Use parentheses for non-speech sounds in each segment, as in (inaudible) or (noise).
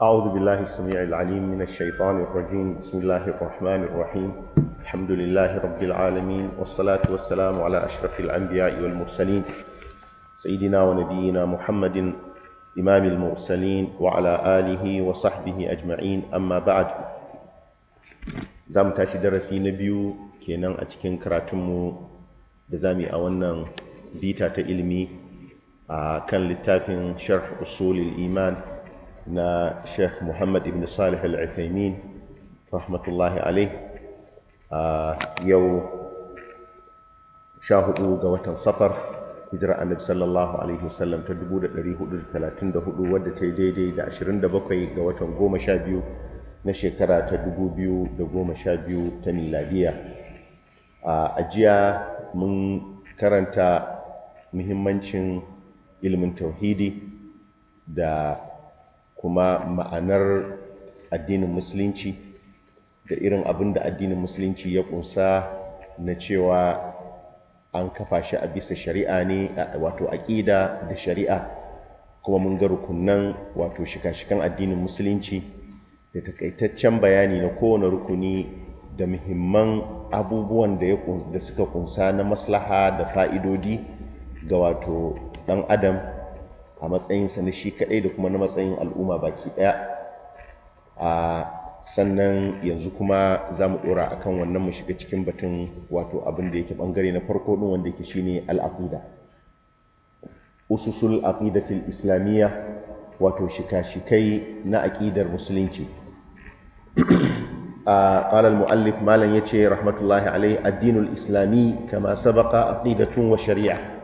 أعوذ بالله السميع العليم من الشيطان الرجيم بسم الله الرحمن الرحيم الحمد لله رب العالمين والصلاة والسلام على أشرف الأنبياء والمرسلين سيدنا ونبينا محمد إمام المرسلين وعلى آله وصحبه أجمعين أما بعد زام تاشي درسي نبيو كينان أتكين كراتمو دزامي أولنا بيتا ilimi a kan littafin sharh usulul iman na sheikh muhammad ibn salih al-uthaymin rahmatullahi alaih a yau sha hudu ga watan safar hijira annabi sallallahu alaihi wasallam ta 1434 wadda ta yi daidai da 27 ga watan goma sha biyu na shekara ta 2012 ta miladiya a ajiya mun karanta muhimmancin ilimin tauhidi da kuma ma'anar addinin musulunci da irin abin da addinin musulunci ya ƙunsa na cewa an kafa shi a bisa shari'a ne wato aƙida da shari'a kuma mun ga rukunan wato shika-shikan addinin musulunci da takaitaccen bayani na kowane rukuni da muhimman abubuwan da suka kunsa na maslaha da fa'idodi ga wato ɗan adam a matsayinsa na shi kaɗai da kuma na matsayin al'umma baki ɗaya a sannan yanzu kuma za mu ɗora a kan wannan mu shiga cikin batun wato abin da yake ɓangare na farko ɗin wanda yake shine al'aqida ususul aƙidatul islamiyya wato shika-shikai na aƙidar musulunci قال المؤلف مالا يتشي رحمة الله عليه الدين الإسلامي كما سبق wa shari'a.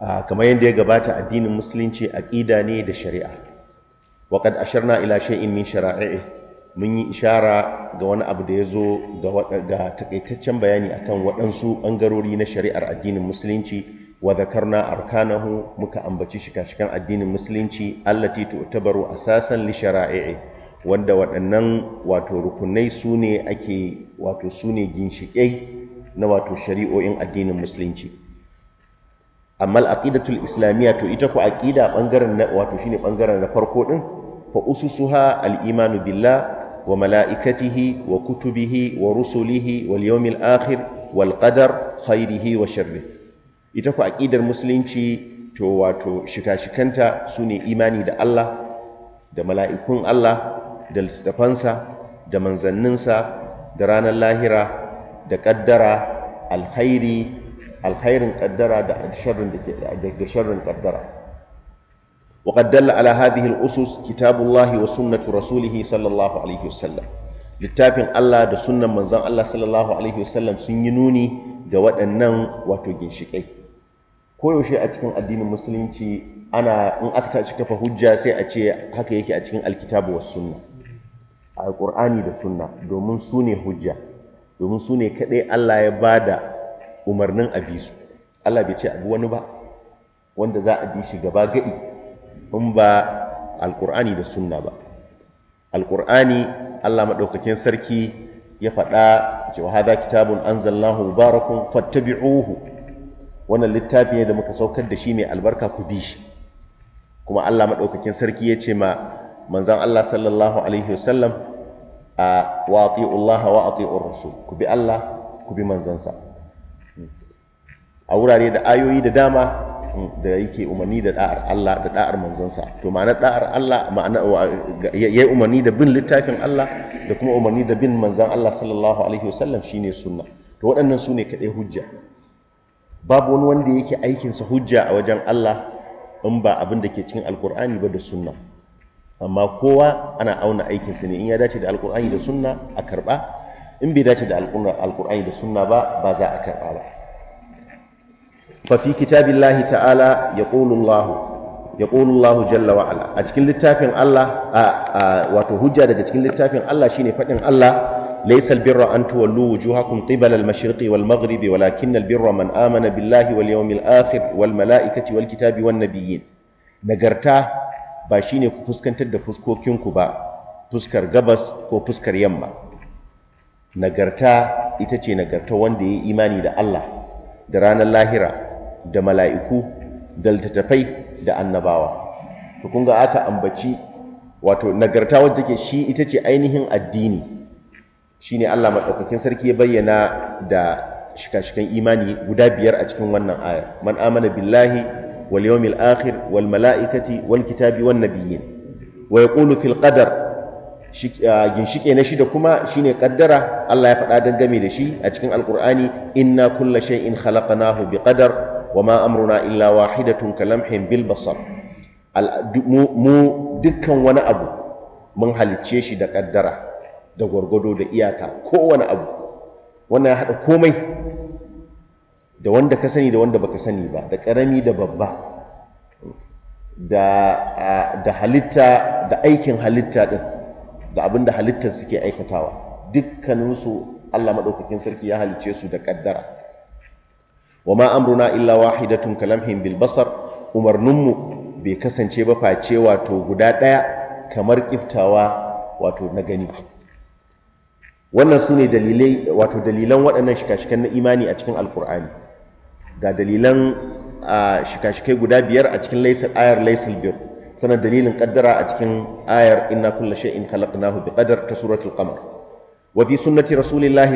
Ah, kamar yadda ya gabata addinin musulunci aƙida ne da shari'a waƙad qad asharna ila shay'in min shara'i'i mun yi ishara ga wani abu da ya zo ga takaitaccen bayani akan waɗansu ɓangarori na shari'ar addinin musulunci wa zakarna arkanahu muka ambaci shika-shikan addinin musulunci allati tu'tabaru asasan li shara'i'i wanda waɗannan wato rukunai su ne ake wato su ne ginshiƙai na wato shari'o'in addinin musulunci amma al'aqidatul islamiyya to ita ku aqida bangaren na wato shine bangaren na farko din fa ususuha al-imanu billah wa mala'ikatihi wa kutubihi wa rusulihi wal yawmil akhir wal qadar khairihi wa sharrihi ita ku aqidar musulunci to wato shika-shikanta sune imani da Allah da mala'ikun Allah da littafansa da manzanninsa da ranar lahira da kaddara alkhairi alkhairin kaddara da sharrin da ke da sharrin kaddara وقد دل على هذه الأسس كتاب الله wa رسوله صلى الله عليه وسلم littafin Allah da sunnan manzon Allah sallallahu alaihi wasallam sun yi nuni ga waɗannan wato ginshiƙai koyaushe a cikin addinin musulunci ana in aka tashi kafa hujja sai a ce haka yake a cikin alkitabu was sunna alqur'ani da sunna domin su ne hujja domin su ne kaɗai Allah ya bada umarnin a bi su Allah bai ce abu wani ba wanda za a bi shi gaba gadi in ba alkur'ani da sunna ba Alƙur'ani, Allah maɗaukakin sarki ya faɗa cewa hada kitabun Anzallahu mubarakun fattabi'uhu wannan littafi ne da muka saukar da shi mai albarka ku bi shi kuma Allah maɗaukakin sarki ya ce ma manzan Allah sallallahu alaihi wasallam a wa Allah wa ati'ur rasul ku bi Allah ku bi manzansa a wurare da ayoyi da dama da yake umarni da da'ar Allah da da'ar manzonsa to ma'ana da'ar Allah ma'ana ya yi umarni da bin littafin Allah da kuma umarni da bin manzon Allah sallallahu alaihi wasallam shine sunna to waɗannan su ne kaɗai hujja babu wani wanda yake aikinsa hujja a wajen Allah in ba abin da ke cikin alkur'ani ba da sunna amma kowa ana auna aikinsa ne in ya dace da alkur'ani da sunna a karɓa in bai dace da alkur'ani da sunna ba ba za a karɓa ba fafi kitabillahi ta'ala ya ƙulullahu ya ƙulullahu jalla wa'ala a cikin littafin Allah wato hujja daga cikin littafin Allah shine faɗin Allah ليس البر أن تولوا وجوهكم قبل المشرق والمغرب ولكن البر من آمن بالله واليوم الآخر والملائكة والكتاب والنبيين نجرتا باشيني فسكن تد فسكو كينكو با فسكر غبس كو فسكر يما نجرتا إتتي نجرتا وندي إيماني دا الله دران اللاهرة da mala'iku da littattafai da annabawa to kun ga aka ambaci wato nagarta wadda take shi ita ce ainihin addini shine Allah maɗaukakin sarki ya bayyana da shika-shikan imani guda biyar a cikin wannan aya man amana billahi wal yawmil akhir wal mala'ikati wal kitabi wan nabiyyin wa yaqulu fil qadar ginshike na shida kuma shine kaddara Allah ya faɗa game da shi a cikin alkur'ani inna kulla shay'in khalaqnahu biqadar wa ma amruna illa wahidatun kalamhin bil basar mu dukkan wani abu mun halicce shi da kaddara da gwargwado da iyaka kowane abu wannan ya haɗa komai da wanda ka sani da wanda baka sani ba da ƙarami da babba da, da halitta da aikin halitta ɗin da abin da halittar suke aikatawa dukkaninsu allah maɗaukakin sarki ya halicce su da ƙaddara wa ma amruna illa wahidatun kalamhin bil basar umarninmu bai kasance ba face wato guda ɗaya kamar ƙiftawa wato na gani wannan su ne dalilai wato dalilan waɗannan shika-shikan na imani a cikin alkur'ani ga dalilan shika-shikai guda biyar a cikin laisal ayar laisal bir sanar dalilin kaddara a cikin ayar inna kulla shay'in khalaqnahu biqadar ta suratul qamar wa fi sunnati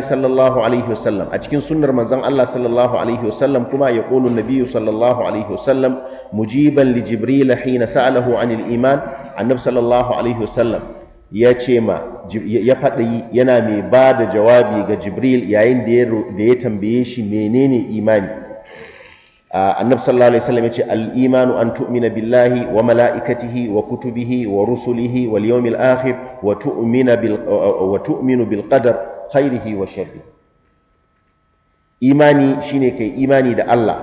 sallallahu alaihi wasallam a cikin sunnar manzon Allah sallallahu alaihi wasallam kuma ya qulu nabiyyu sallallahu alaihi wasallam mujiban li jibril hina sa'alahu anil iman annabi sallallahu alaihi wasallam ya ce ma ya faɗi yana mai ba da jawabi ga jibril yayin da ya tambaye shi menene imani Ah, annabi sallallahu alaihi wasallam yace al-imanu an tu'mina billahi wa mala'ikatihi wa kutubihi wa rusulihi wal yawmil akhir wa tu'mina bil wa tu'minu bil qadar khairihi wa sharri imani shine kai imani da Allah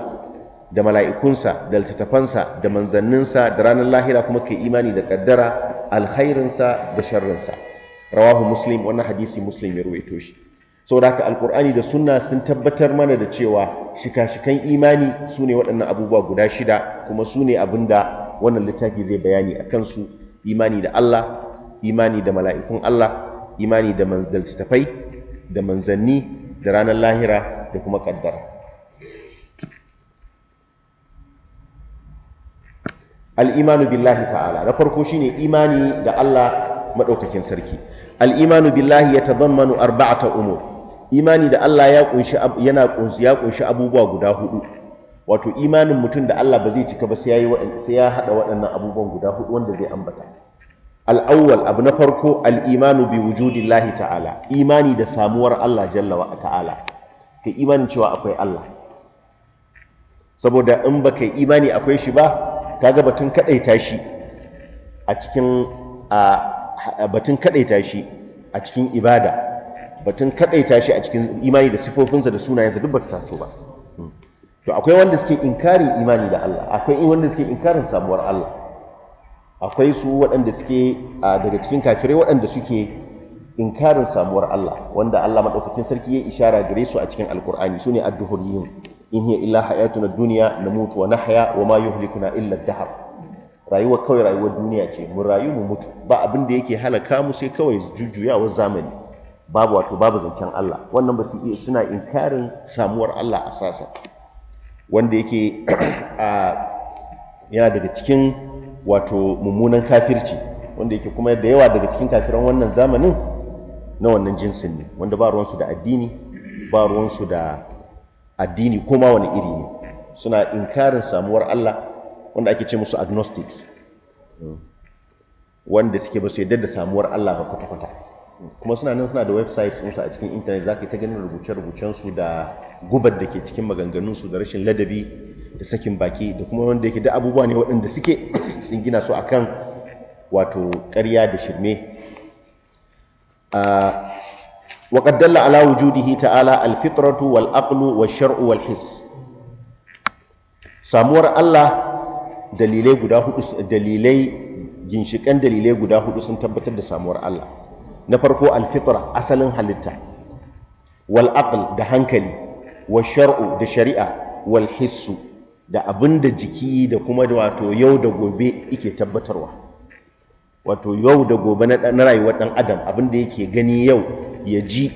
da mala'ikunsa da littattafansa da manzanninsa da ranar lahira kuma kai imani da kaddara alkhairinsa da sharrinsa rawahu muslim wannan hadisi muslim ya ruwaito shi saboda haka alkur'ani da sunna sun tabbatar mana da cewa shika-shikan imani su ne waɗannan abubuwa guda shida kuma su ne abin da wannan littafi zai bayani a kansu imani da Allah imani da mala'ikun Allah imani da littattafai da manzanni da ranar lahira da kuma ƙaddara al'imanu billahi ta'ala na farko shine imani da Allah maɗaukakin sarki al'imanu billahi ya tazammanu arba'ata umur imani da Allah ya kunshi yana kunshi ya kunshi abubuwa guda hudu wato imanin mutum da Allah ba zai cika ba sai ya hada waɗannan abubuwan guda hudu wanda zai ambata al-awwal abu na farko al-imanu bi wujudillahi ta'ala imani da samuwar Allah jalla wa ta'ala ka imanin cewa akwai Allah saboda in ba kai imani akwai shi ba kaga batun kadaita shi a cikin batun kadaita shi a cikin ibada batun kaɗaita shi a cikin imani da sifofinsa da sunayensa duk bata taso ba to akwai wanda suke inkarin imani da Allah akwai wanda suke inkarin samuwar Allah akwai su waɗanda suke daga cikin kafirai waɗanda suke inkarin samuwar Allah wanda Allah maɗaukakin sarki ya ishara gare su a cikin alkur'ani sune ad-duhuriyun in hiya illa hayatuna dunya namutu wa nahya wa ma yuhlikuna illa ad-dahr rayuwa kawai rayuwar duniya ce mu rayu mu mutu ba abin da yake halaka mu sai kawai jujjuyawar zamani babu wato babu zancen Allah wannan ba su iya suna inkarin samuwar Allah a sasa wanda yake (clears throat) a yana daga cikin wato mummunan kafirci wanda yake kuma da yawa daga cikin kafiran wannan zamanin na wannan jinsin ne wanda ba ruwansu da addini ba ruwansu da addini ko ma wani iri ne suna inkarin samuwar Allah wanda ake ce musu agnostics wanda suke ba su yarda da samuwar Allah ba kwata-kwata kuma suna nan suna da website ɗinsu a cikin intanet za ka ta ganin rubuce su da gubar da ke cikin su da rashin ladabi da sakin baki da kuma wanda yake da abubuwa ne waɗanda suke (coughs) sun gina su akan wato ƙarya da shirme a waƙaddalla ala wujudihi ta'ala alfitratu wal aqlu wal shar'u wal his samuwar Allah ginshikan dalilai guda hudu sun tabbatar da samuwar Allah na farko alfitra asalin halitta wal aql da hankali wa shar'u da shari'a wal hissu da abin da jiki da kuma da wato yau da gobe yake tabbatarwa wato yau da gobe na rayuwar dan adam abin da yake gani yau ya ji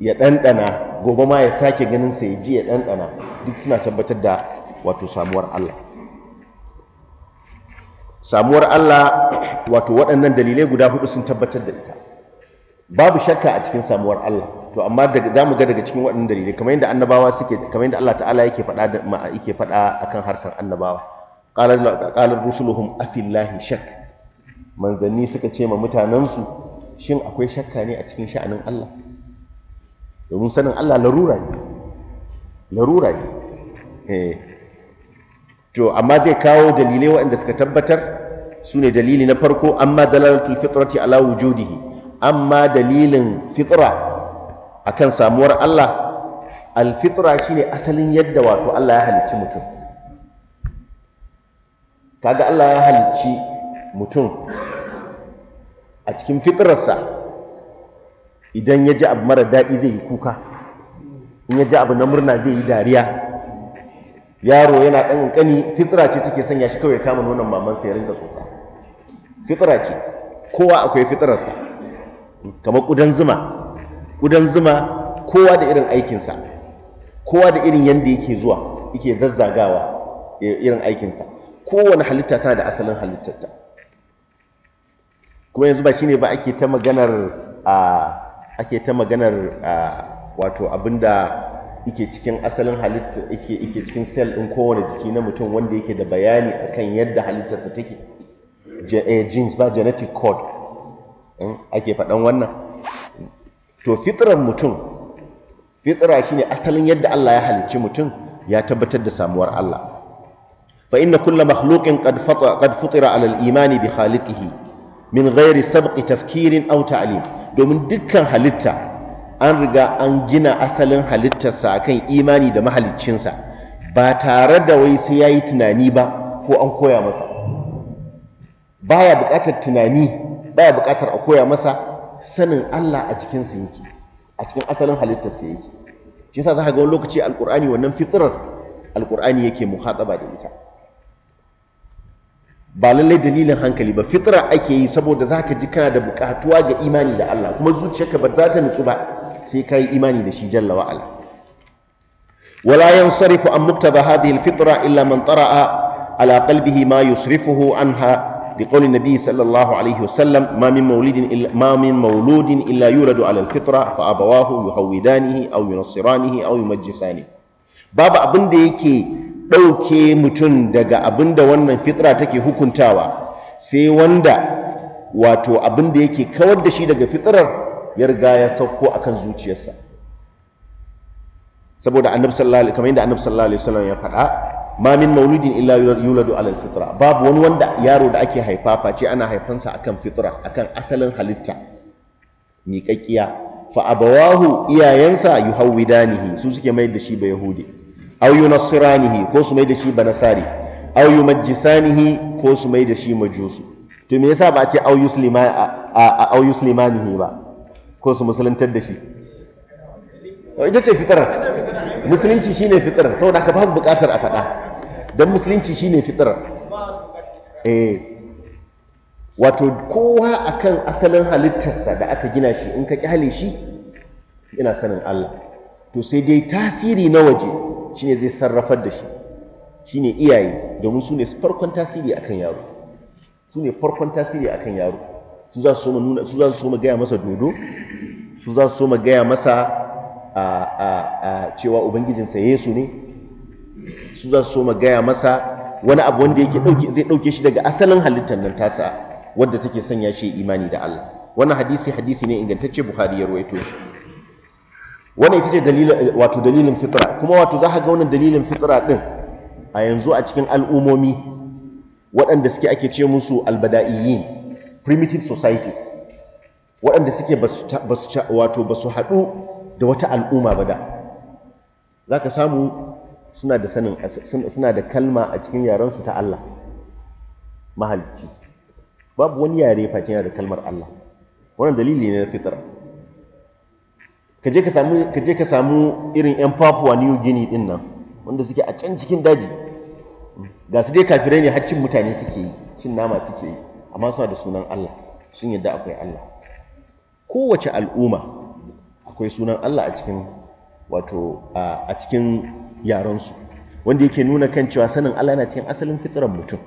ya ɗanɗana gobe ma ya sake ganin sa ya ji ya ɗanɗana duk suna tabbatar da wato samuwar Allah samuwar Allah wato waɗannan dalilai guda hudu sun tabbatar da ita babu shakka a cikin samuwar Allah to amma za mu ga daga cikin waɗannan dalilai kamar yadda annabawa suke kamar yadda Allah ta'ala yake faɗa yake faɗa akan harsan annabawa qala qala rusuluhum afillahi shak manzanni suka ce ma su shin akwai shakka ne a cikin sha'anin Allah domin sanin Allah larura ne larura ne eh to amma zai kawo dalilai waɗanda suka tabbatar su ne dalili na farko amma dalalatul fitrati ala wujudihi amma dalilin fitra akan samuwar Allah alfitra shine asalin yadda wato Allah ya halicci mutum kaga Allah ya halicci mutum a cikin fitrarsa idan ya ji abu mara daɗi zai yi kuka in ya ji abu na murna zai yi dariya yaro yana ɗan ƙani fitra ce take sanya shi kawai kama nonon mamansa ya rinka tsoka fitra ce kowa akwai fitrarsa kamar ƙudan zuma ƙudan zuma kowa da irin aikinsa kowa da irin yanda yake zuwa yake zazzagawa irin aikinsa kowane halitta tana da asalin halittarta kuma yanzu ba shine ba ake ta maganar a ake ta maganar wato abinda ike cikin asalin halitta ike ike cikin sel ɗin kowane jiki na mutum wanda yake da bayani akan yadda halittarsa take eh, genes ba genetic code hmm, ake faɗan wannan to fitran mutum fitra shine asalin yadda Allah ya halicci mutum ya tabbatar da samuwar Allah fa inna kullu makhluqin qad fata qad futira ala al-iman bi khaliqihi min ghairi sabqi tafkirin aw ta'lim domin dukkan halitta an riga an gina asalin halittarsa a kan imani da mahaliccinsa ba tare da wai sai ya yi tunani ba ko an koya masa baya buƙatar tunani baya buƙatar a koya masa sanin Allah a cikinsa yake a cikin asalin halittarsa yake shi yasa za ka ga wani lokaci alƙur'ani wannan fitrar alƙur'ani yake muhatsaba da ita ba lallai dalilin hankali ba fitra ake yi saboda za ka ji kana da buƙatuwa ga imani da Allah kuma zuciyarka ba za ta nutsu ba sai kayi imani da shi jalla wa'ala wala yansarifu an muktaba hadhihi alfitra illa man tara'a ala qalbihi ma yusrifuhu anha لقول النبي صلى الله عليه وسلم ما من مولود إلا ما من مولود إلا يولد على الفطرة فأبواه يهودانه أو ينصرانه أو يمجسانه بابا أبن ديكي ɗauke mutum daga abin da wannan fitra take hukuntawa sai wanda wato abin da yake kawar da shi daga fitrar ya riga ya sauko a kan zuciyarsa saboda annabi sallallahu alaihi kamar yadda annabi sallallahu alaihi wasallam ya faɗa ma min maulidin illa yuladu ala alfitra babu wani wanda yaro da ake haifa face ana haifansa akan fitra akan asalin halitta miƙaƙiya fa abawahu iyayensa yuhawwidanihi su suke mai da shi ba yahudi aw yunassiranihi ko su mai da shi ba nasari aw yumajjisanihi ko su mai da shi majusu to me yasa ba a ce aw yuslima aw yuslimanihi ba ko su musuluntar da shi ita ce fitar musulunci shine fitar saboda ka babu bukatar a faɗa don musulunci shine ne eh wato kowa akan asalin halittarsa da aka gina shi in ka kyale shi yana sanin Allah to sai dai tasiri na waje shine zai sarrafar da shi shine iyaye domin su ne farkon tasiri akan yaro su ne farkon tasiri akan yaro su za su so mu gaya masa dodo su za su so gaya masa cewa ubangijinsa yesu ne su za su so gaya masa wani abu wanda yake zai ɗauke shi daga asalin halittar nan tasa wadda take sanya shi imani da Allah wannan hadisi hadisi ne ingantacce Bukhari ya ruwaito shi wannan ita ce dalilin wato dalilin fitra kuma wato za ka ga wannan dalilin fitra din a yanzu a cikin al'umomi waɗanda suke ake ce musu albada'iyin primitive societies waɗanda suke wato ba su haɗu da wata al'umma ba da za ka samu suna da sanin suna da kalma a cikin yarensu ta Allah mahalicci babu wani yare face yana da kalmar Allah wannan dalili ne na fitra ka je ka samu ka samu irin yan Papua New Guinea din nan wanda suke a can cikin daji ga su dai kafirai ne haccin mutane suke yi cin nama suke yi amma suna da sunan Allah sun yadda akwai Allah kowace al'umma akwai sunan Allah a cikin wato a cikin yaransu wanda yake nuna kan cewa sanin Allah yana cikin asalin fitran mutum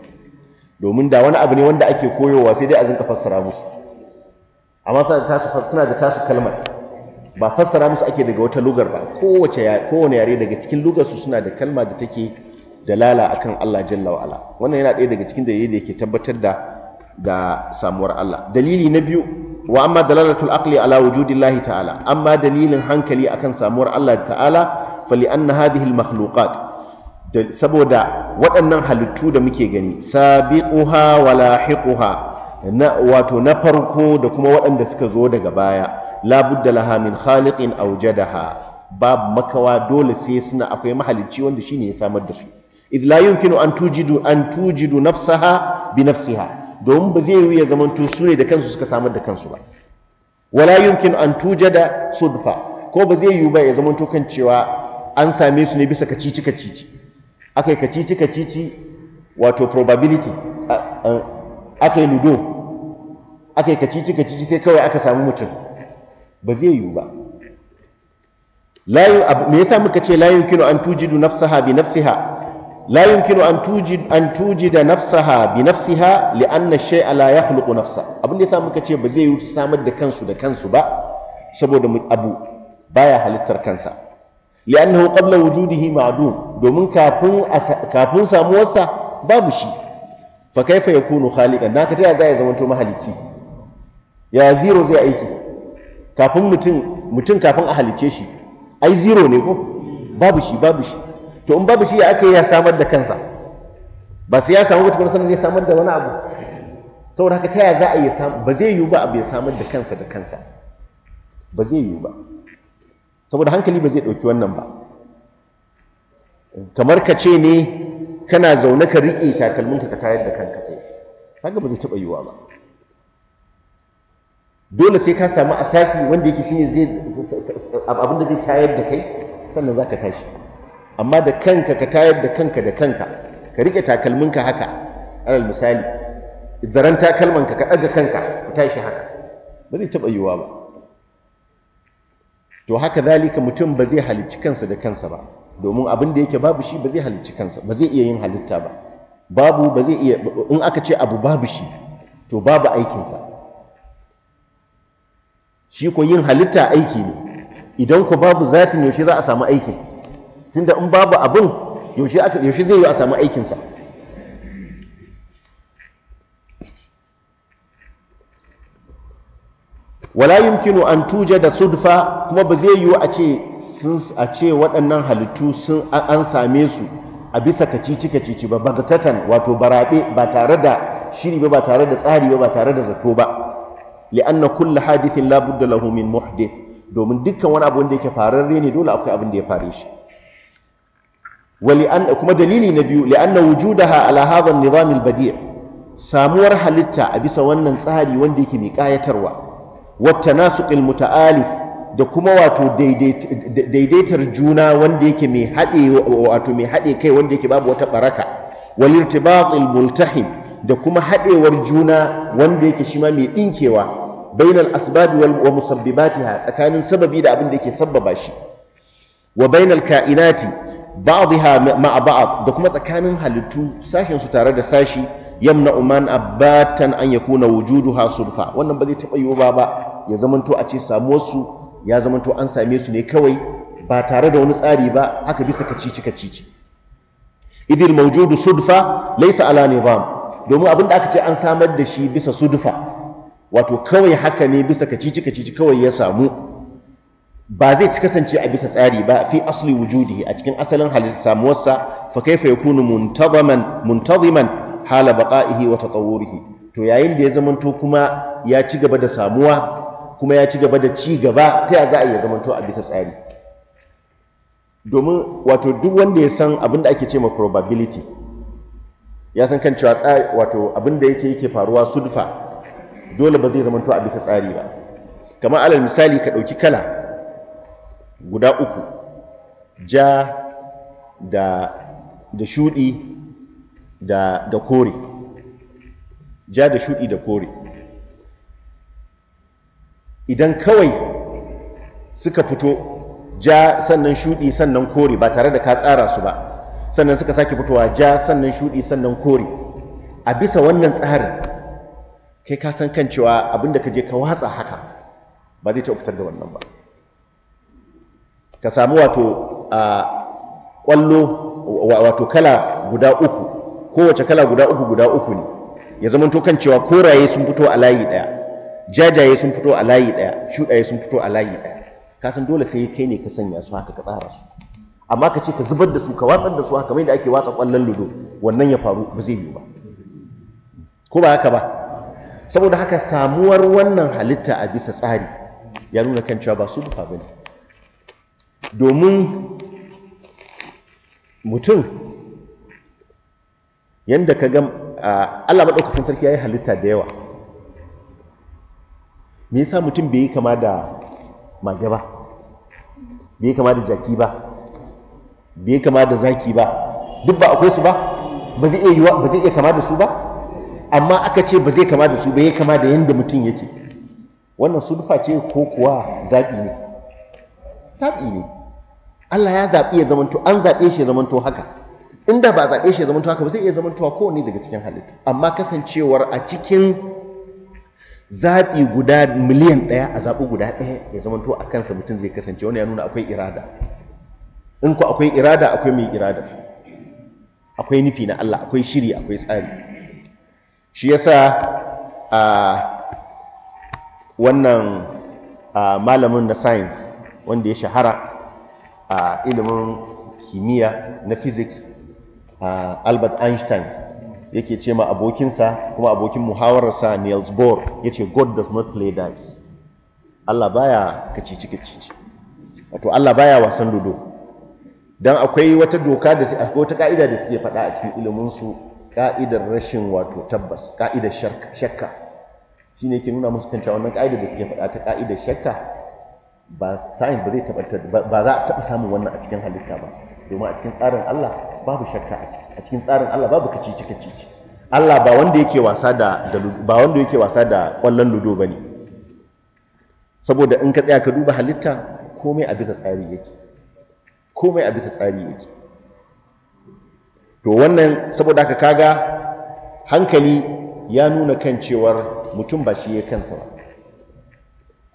domin da wani abu ne wanda ake koyowa sai dai a zinka fassara musu amma suna da tasu kalmar ba fassara musu ake daga wata lugar ba kowace kowane yare daga cikin lugarsu suna da kalma da take dalala akan Allah jalla wa ala wannan yana ɗaya daga cikin dalilai da yake tabbatar da ga samuwar Allah dalili na biyu wa amma dalalatul aqli ala wujudillahi ta'ala amma dalilin hankali akan samuwar Allah ta'ala fali anna hadhihi al makhluqat saboda waɗannan halittu da muke gani sabiquha wa lahiquha na wato na farko da kuma waɗanda suka zo daga baya la budda laha min khaliqin awjadaha babu makawa dole sai suna akwai mahalicci wanda shine ya samar da su idh la yumkinu an tujidu an tujidu nafsaha bi nafsiha domin ba zai yi ya zamanto su ne da kansu suka samar da kansu ba wala yumkin an da sudfa ko ba zai yi ba ya zamanto kan cewa an same su ne bisa kacici kacici Aka yi kacici kacici wato probability yi ludo yi kacici kacici sai kawai aka samu mutum ba zai yi ba me yasa muka ce la kino an tujidu nafsaha bi nafsiha لا يمكن أن توجد أن توجد نفسها بنفسها لأن الشيء لا يخلق نفسه أبن ليس ممكن شيء بزي سامد دكانسو دكانسو با سبود من أبو بايا هلتر كانسا لأنه قبل وجوده معدوم دومن كابون أس... كابون ساموسا بابشي فكيف يكون خالقا ناك تيا زي زمان تو مهلتي يا زيرو زي أيك كابون متن متن كابون أهلتي شي أي زيرو نيكو بابشي بابشي to in babu shi ya aka yi ya samar da kansa ba sai ya samu wata kuma sannan zai samar da wani abu saboda haka ta za a yi ba zai yiwu ba abu ya samar da kansa da kansa ba zai yiwu ba saboda hankali ba zai ɗauki wannan ba kamar ka ce ne kana zaune ka riƙe takalminka ka tayar da kanka sai haka ba zai taɓa yiwuwa ba dole sai ka samu asasi wanda yake shine zai abin da zai tayar da kai sannan za ka tashi amma da kanka ka tayar da kanka da kanka ka rike takalminka haka alal misali zaran takalmanka ka ɗaga kanka ka tashi haka ba zai taɓa yiwuwa ba to haka zalika mutum ba zai halicci kansa da kansa ba domin abin da yake babu shi ba zai halicci kansa ba zai iya yin halitta ba babu ba zai iya in aka ce abu babu shi to babu aikinsa shi ko yin halitta aiki ne idan ko babu zatin yaushe za a samu aikin tunda in babu abin yaushe zai yi a samu aikinsa wala yumkinu an tuje da sudfa kuma ba zai yiwu a a ce waɗannan halittu sun an same su a bisa kacici kacici ba bagtatan, wato barabe ba tare da shiri ba ba tare da tsari ba ba tare da zato ba li'anna kulla hadithin la budda lahu min muhdith domin dukkan wani abu wanda yake fararre ne dole akwai abin da ya fare shi wali'an kuma dalili na biyu li'anna wujudaha ala hadha an-nizam al-badi' samuwar halitta a bisa wannan tsari wanda yake mai kayatarwa wa tanasuq al da kuma wato daidaitar juna wanda yake mai haɗe wato mai haɗe kai wanda yake babu wata baraka wal multahim da kuma haɗewar juna wanda yake shi ma mai ɗinkewa bainal asbab wa musabbibatiha tsakanin sababi da abin da yake sabbaba shi wa bainal ka'inati ba'dha ma'a ba'd da kuma tsakanin halittu sashin su tare da sashi yamna uman abatan an yakuna wujuduha surfa wannan ba zai taba yiwu ba ya zamanto a ce samuwar su ya zamanto an same su ne kawai ba tare da wani tsari ba aka bisa kacici kacici idil mawjudu sudfa laysa ala nizam domin abin da aka ce an samar da shi bisa sudfa wato kawai haka ne bisa kacici kacici kawai ya samu ba zai ci kasance a bisa tsari ba fi asli wujudi a cikin asalin halittar samuwarsa fa kaifa yakunu muntazaman muntaziman hala baqa'ihi wa tatawwurihi to yayin da ya zamanto kuma ya ci gaba da samuwa kuma ya ci gaba da ci gaba ta ya za a iya zamanto a bisa tsari domin wato duk wanda ya san abin da ake ce ma probability ya san kan cewa wato abin da yake yake faruwa sudfa dole ba zai zamanto a bisa tsari ba kamar alal misali ka ɗauki kala guda uku ja da da shuɗi da da kore ja da shuɗi da kore idan kawai suka fito ja sannan shuɗi sannan kore ba tare da ka tsara su ba sannan suka sake fitowa ja sannan shuɗi sannan kore a bisa wannan tsarin kai ka san kan cewa abinda ka je ka watsa haka ba zai taɓa fitar da wannan ba ka samu wato a kwallo wato kala guda uku kowace kala guda uku guda uku ne ya zama to kan cewa koraye sun fito a layi ɗaya jajaye sun fito a layi ɗaya shuɗaye sun fito a layi ɗaya ka san dole sai kai ne ka sanya su haka ka tsara su amma ka ce ka zubar da su ka watsar da su haka mai da ake watsa kwallon ludo wannan ya faru ba zai yiwu ba ko ba haka ba saboda haka samuwar wannan halitta a bisa tsari ya nuna kan cewa ba su dufa bane domin mutum yadda ka ga Allah maɗaukakin sarki ya yi halitta da yawa me yasa mutum bai yi kama da mage ba bai yi kama da jaki ba bai yi kama da zaki ba duk ba akwai su ba ba zai iya ba zai iya kama da su ba amma aka ce ba zai kama da su ba ya kama da yadda mutum yake wannan sulfa ce ko kuwa zaɓi ne zaɓi ne Allah ya zaɓi ya zamanto an zaɓe shi ya zamanto haka inda ba zaɓe shi ya zamanto haka ba zai iya ko ne daga cikin halittu amma kasancewar a cikin zaɓi guda miliyan ɗaya a zaɓi guda ɗaya ya zamanto a kansa mutum zai kasance wani ya nuna akwai irada in ku akwai irada akwai mai irada akwai nufi na Allah akwai shiri akwai tsari shi yasa a wannan malamin na science wanda ya shahara a ilimin kimiyya na physics albert einstein yake ce ma abokinsa kuma abokin muhawararsa niels bohr ya ce god does not play dice allah baya kacici kacici wato allah baya wasan dodo don akwai wata doka da akwai wata ka'ida da suke faɗa a cikin iliminsu ka'idar rashin wato tabbas ka'idar shakka shine yake nuna musu kanta wannan ka'idar da suke faɗa ta ka'idar shakka ba sa'in ba zai taɓa ba za a taɓa samun wannan a cikin halitta ba domin a cikin tsarin Allah babu shakka a cikin tsarin Allah babu kaci cika cici Allah ba wanda yake wasa da ba wanda yake wasa da ƙwallon ludo bane saboda in ka tsaya ka duba halitta komai a bisa tsari yake komai a bisa tsari yake to wannan saboda haka kaga hankali ya nuna kan cewar mutum ba shi ya kansa ba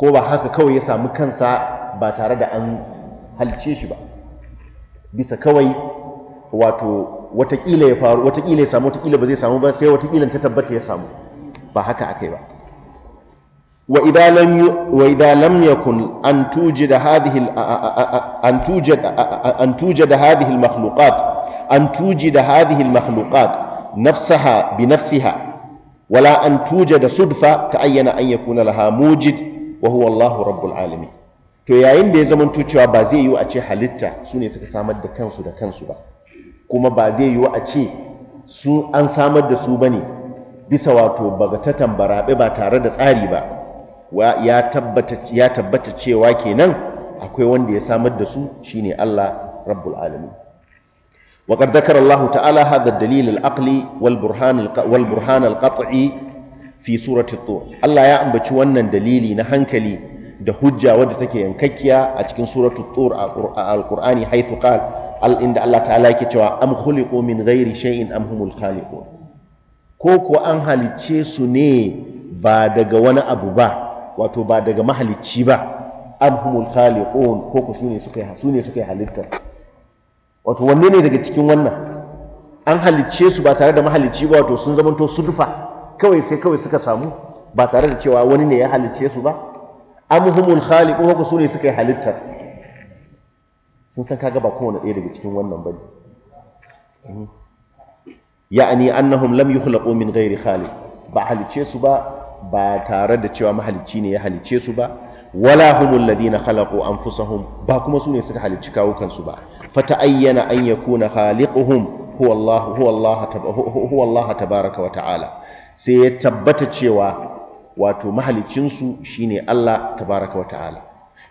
ko ba haka kawai ya samu kansa ba tare da an halce shi ba bisa kawai wato watakila ya faru watakila ya samu watakila ba zai samu ba sai watakila ta tabbata ya samu ba haka akai ba wa idza lam wa idza lam yakun an tujida hadhihi an tujida an tujida hadhihi al-makhluqat an tujida hadhihi al-makhluqat nafsaha bi nafsiha wala an tujida sudfa ta'ayyana an yakuna laha mujid wa huwa Allahu rabbul alamin to yayin da ya zama cewa ba zai yiwu a ce halitta su ne suka samar da kansu da kansu ba kuma ba zai yiwu a ce su an samar da su bane bisa wato bagatatan barabe ba tare da tsari ba ya tabbata ya tabbata cewa kenan akwai wanda ya samar da su shine Allah rabbul alamin وقد ذكر الله تعالى هذا الدليل العقلي والبرهان والبرهان القطعي fi surati tur Allah ya ambaci wannan dalili na hankali da hujja wadda take yankakkiya a cikin suratul tur a alqur'ani haythu qala inda Allah ta'ala yake cewa am khuliqu min ghairi shay'in am humul khaliqun ko ko an halice su ne ba daga wani abu ba wato ba daga mahalicci ba am humul khaliqun ko ko sune suka sune suka halitta wato wanne ne daga cikin wannan an halicce su ba tare da mahalicci ba wato sun zamanto sudufa kawai sai kawai suka samu ba tare da cewa wani ne ya halicce su ba am humul khaliqu ko su ne suka yi halittar sun san kaga ba kowane ɗaya daga cikin wannan ne mhm. ya'ani annahum lam yukhlaqu min ghairi khaliq ba halicce su ba ba tare da cewa mahalicci ne ya halicce su ba wala humul ladina khalaqu anfusahum ba kuma su ne suka halicci kawukansu ba fata ayyana an yakuna khaliquhum huwa Allah huwa Allah huwa Allah tabaraka wa ta'ala sai ya tabbata cewa wato mahalicinsu shine Allah tabaraka wa ta'ala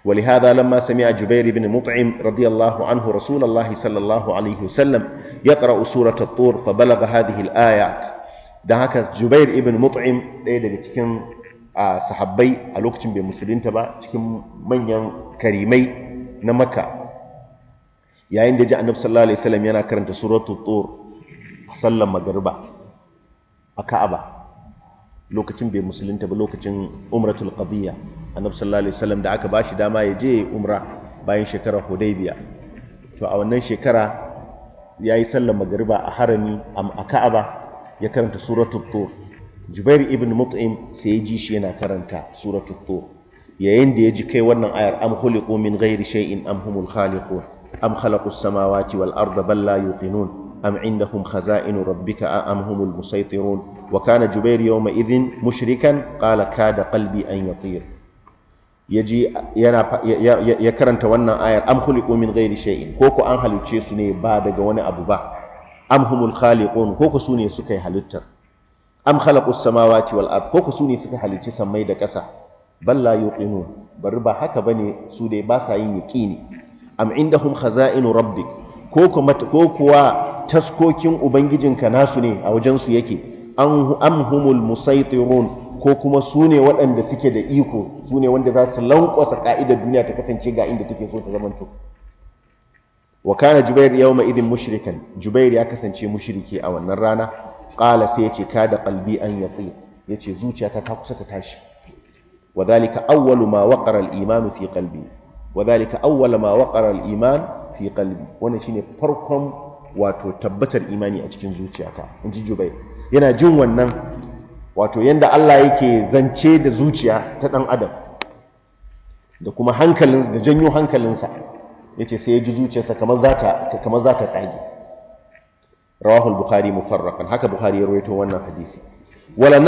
lamma لما سمع جبير بن مطعم رضي الله عنه رسول الله صلى الله عليه وسلم يقرأ سورة fa balaga haɗi hil'aya. da haka Jubair Ibin Mut'im ɗaya daga cikin sahabbai a lokacin bai musulunta ba cikin manyan karimai na Makka yayin da ji Annabi sallallahu alaihi wasallam yana karanta suratul Tur sallan magarba a ka'aba lokacin bai musulunta ba lokacin umratul qadiyya annabi sallallahu alaihi wasallam da aka bashi dama ya je umra bayan shekarar hudaybiya to a wannan shekara ya yi sallar magariba a harami a ka'aba ya karanta suratul tur jubair ibn mut'im sai ya ji shi yana karanta suratul tur yayin da ya ji kai wannan ayar am khuliqu min ghairi shay'in am humul khaliqun am khalaqus samawati wal arda bal la yuqinun أم عندهم خزائن ربك أم هم المسيطرون وكان جبير يومئذ مشركا قال كاد قلبي أن يطير يجي ينا يكرن تونا آية أم خلقوا من غير شيء كوكو أن هل تشيسوني بعد جوانا أبو با أم هم الخالقون كوكو سوني سكي هلتر أم خلقوا السماوات والأرض كوكو سوني سكي هلتر سمي دكسا بل لا يوقنون بربا حكا بني سودي باسا يقيني أم عندهم خزائن ربك كوكو مت كوكو taskokin ubangijinka nasu ne a wajensu yake an humul musaitirun ko kuma su ne waɗanda suke da iko su ne wanda za su lankwasa ƙa'idar duniya ta kasance ga inda take so ta zamanto wa kana jubair yawma idin mushrikan jubair ya kasance mushriki a wannan rana qala sai yace ka da qalbi an yati yace zuciyata ta kusa ta tashi wa dhalika awwalu ma waqara al-iman fi qalbi wa awwalu ma waqara al-iman fi qalbi wannan shine farkon wato tabbatar imani a cikin zuciyata in ji jubai yana jin wannan wato yadda Allah yake zance da zuciya ta ɗan adam da kuma hankalin da janyo hankalinsa ya ce sai ya ji zuciyarsa kamar za ta tsage rawahul bukhari mufarraqan haka bukhari ya rawaito wannan hadisi wal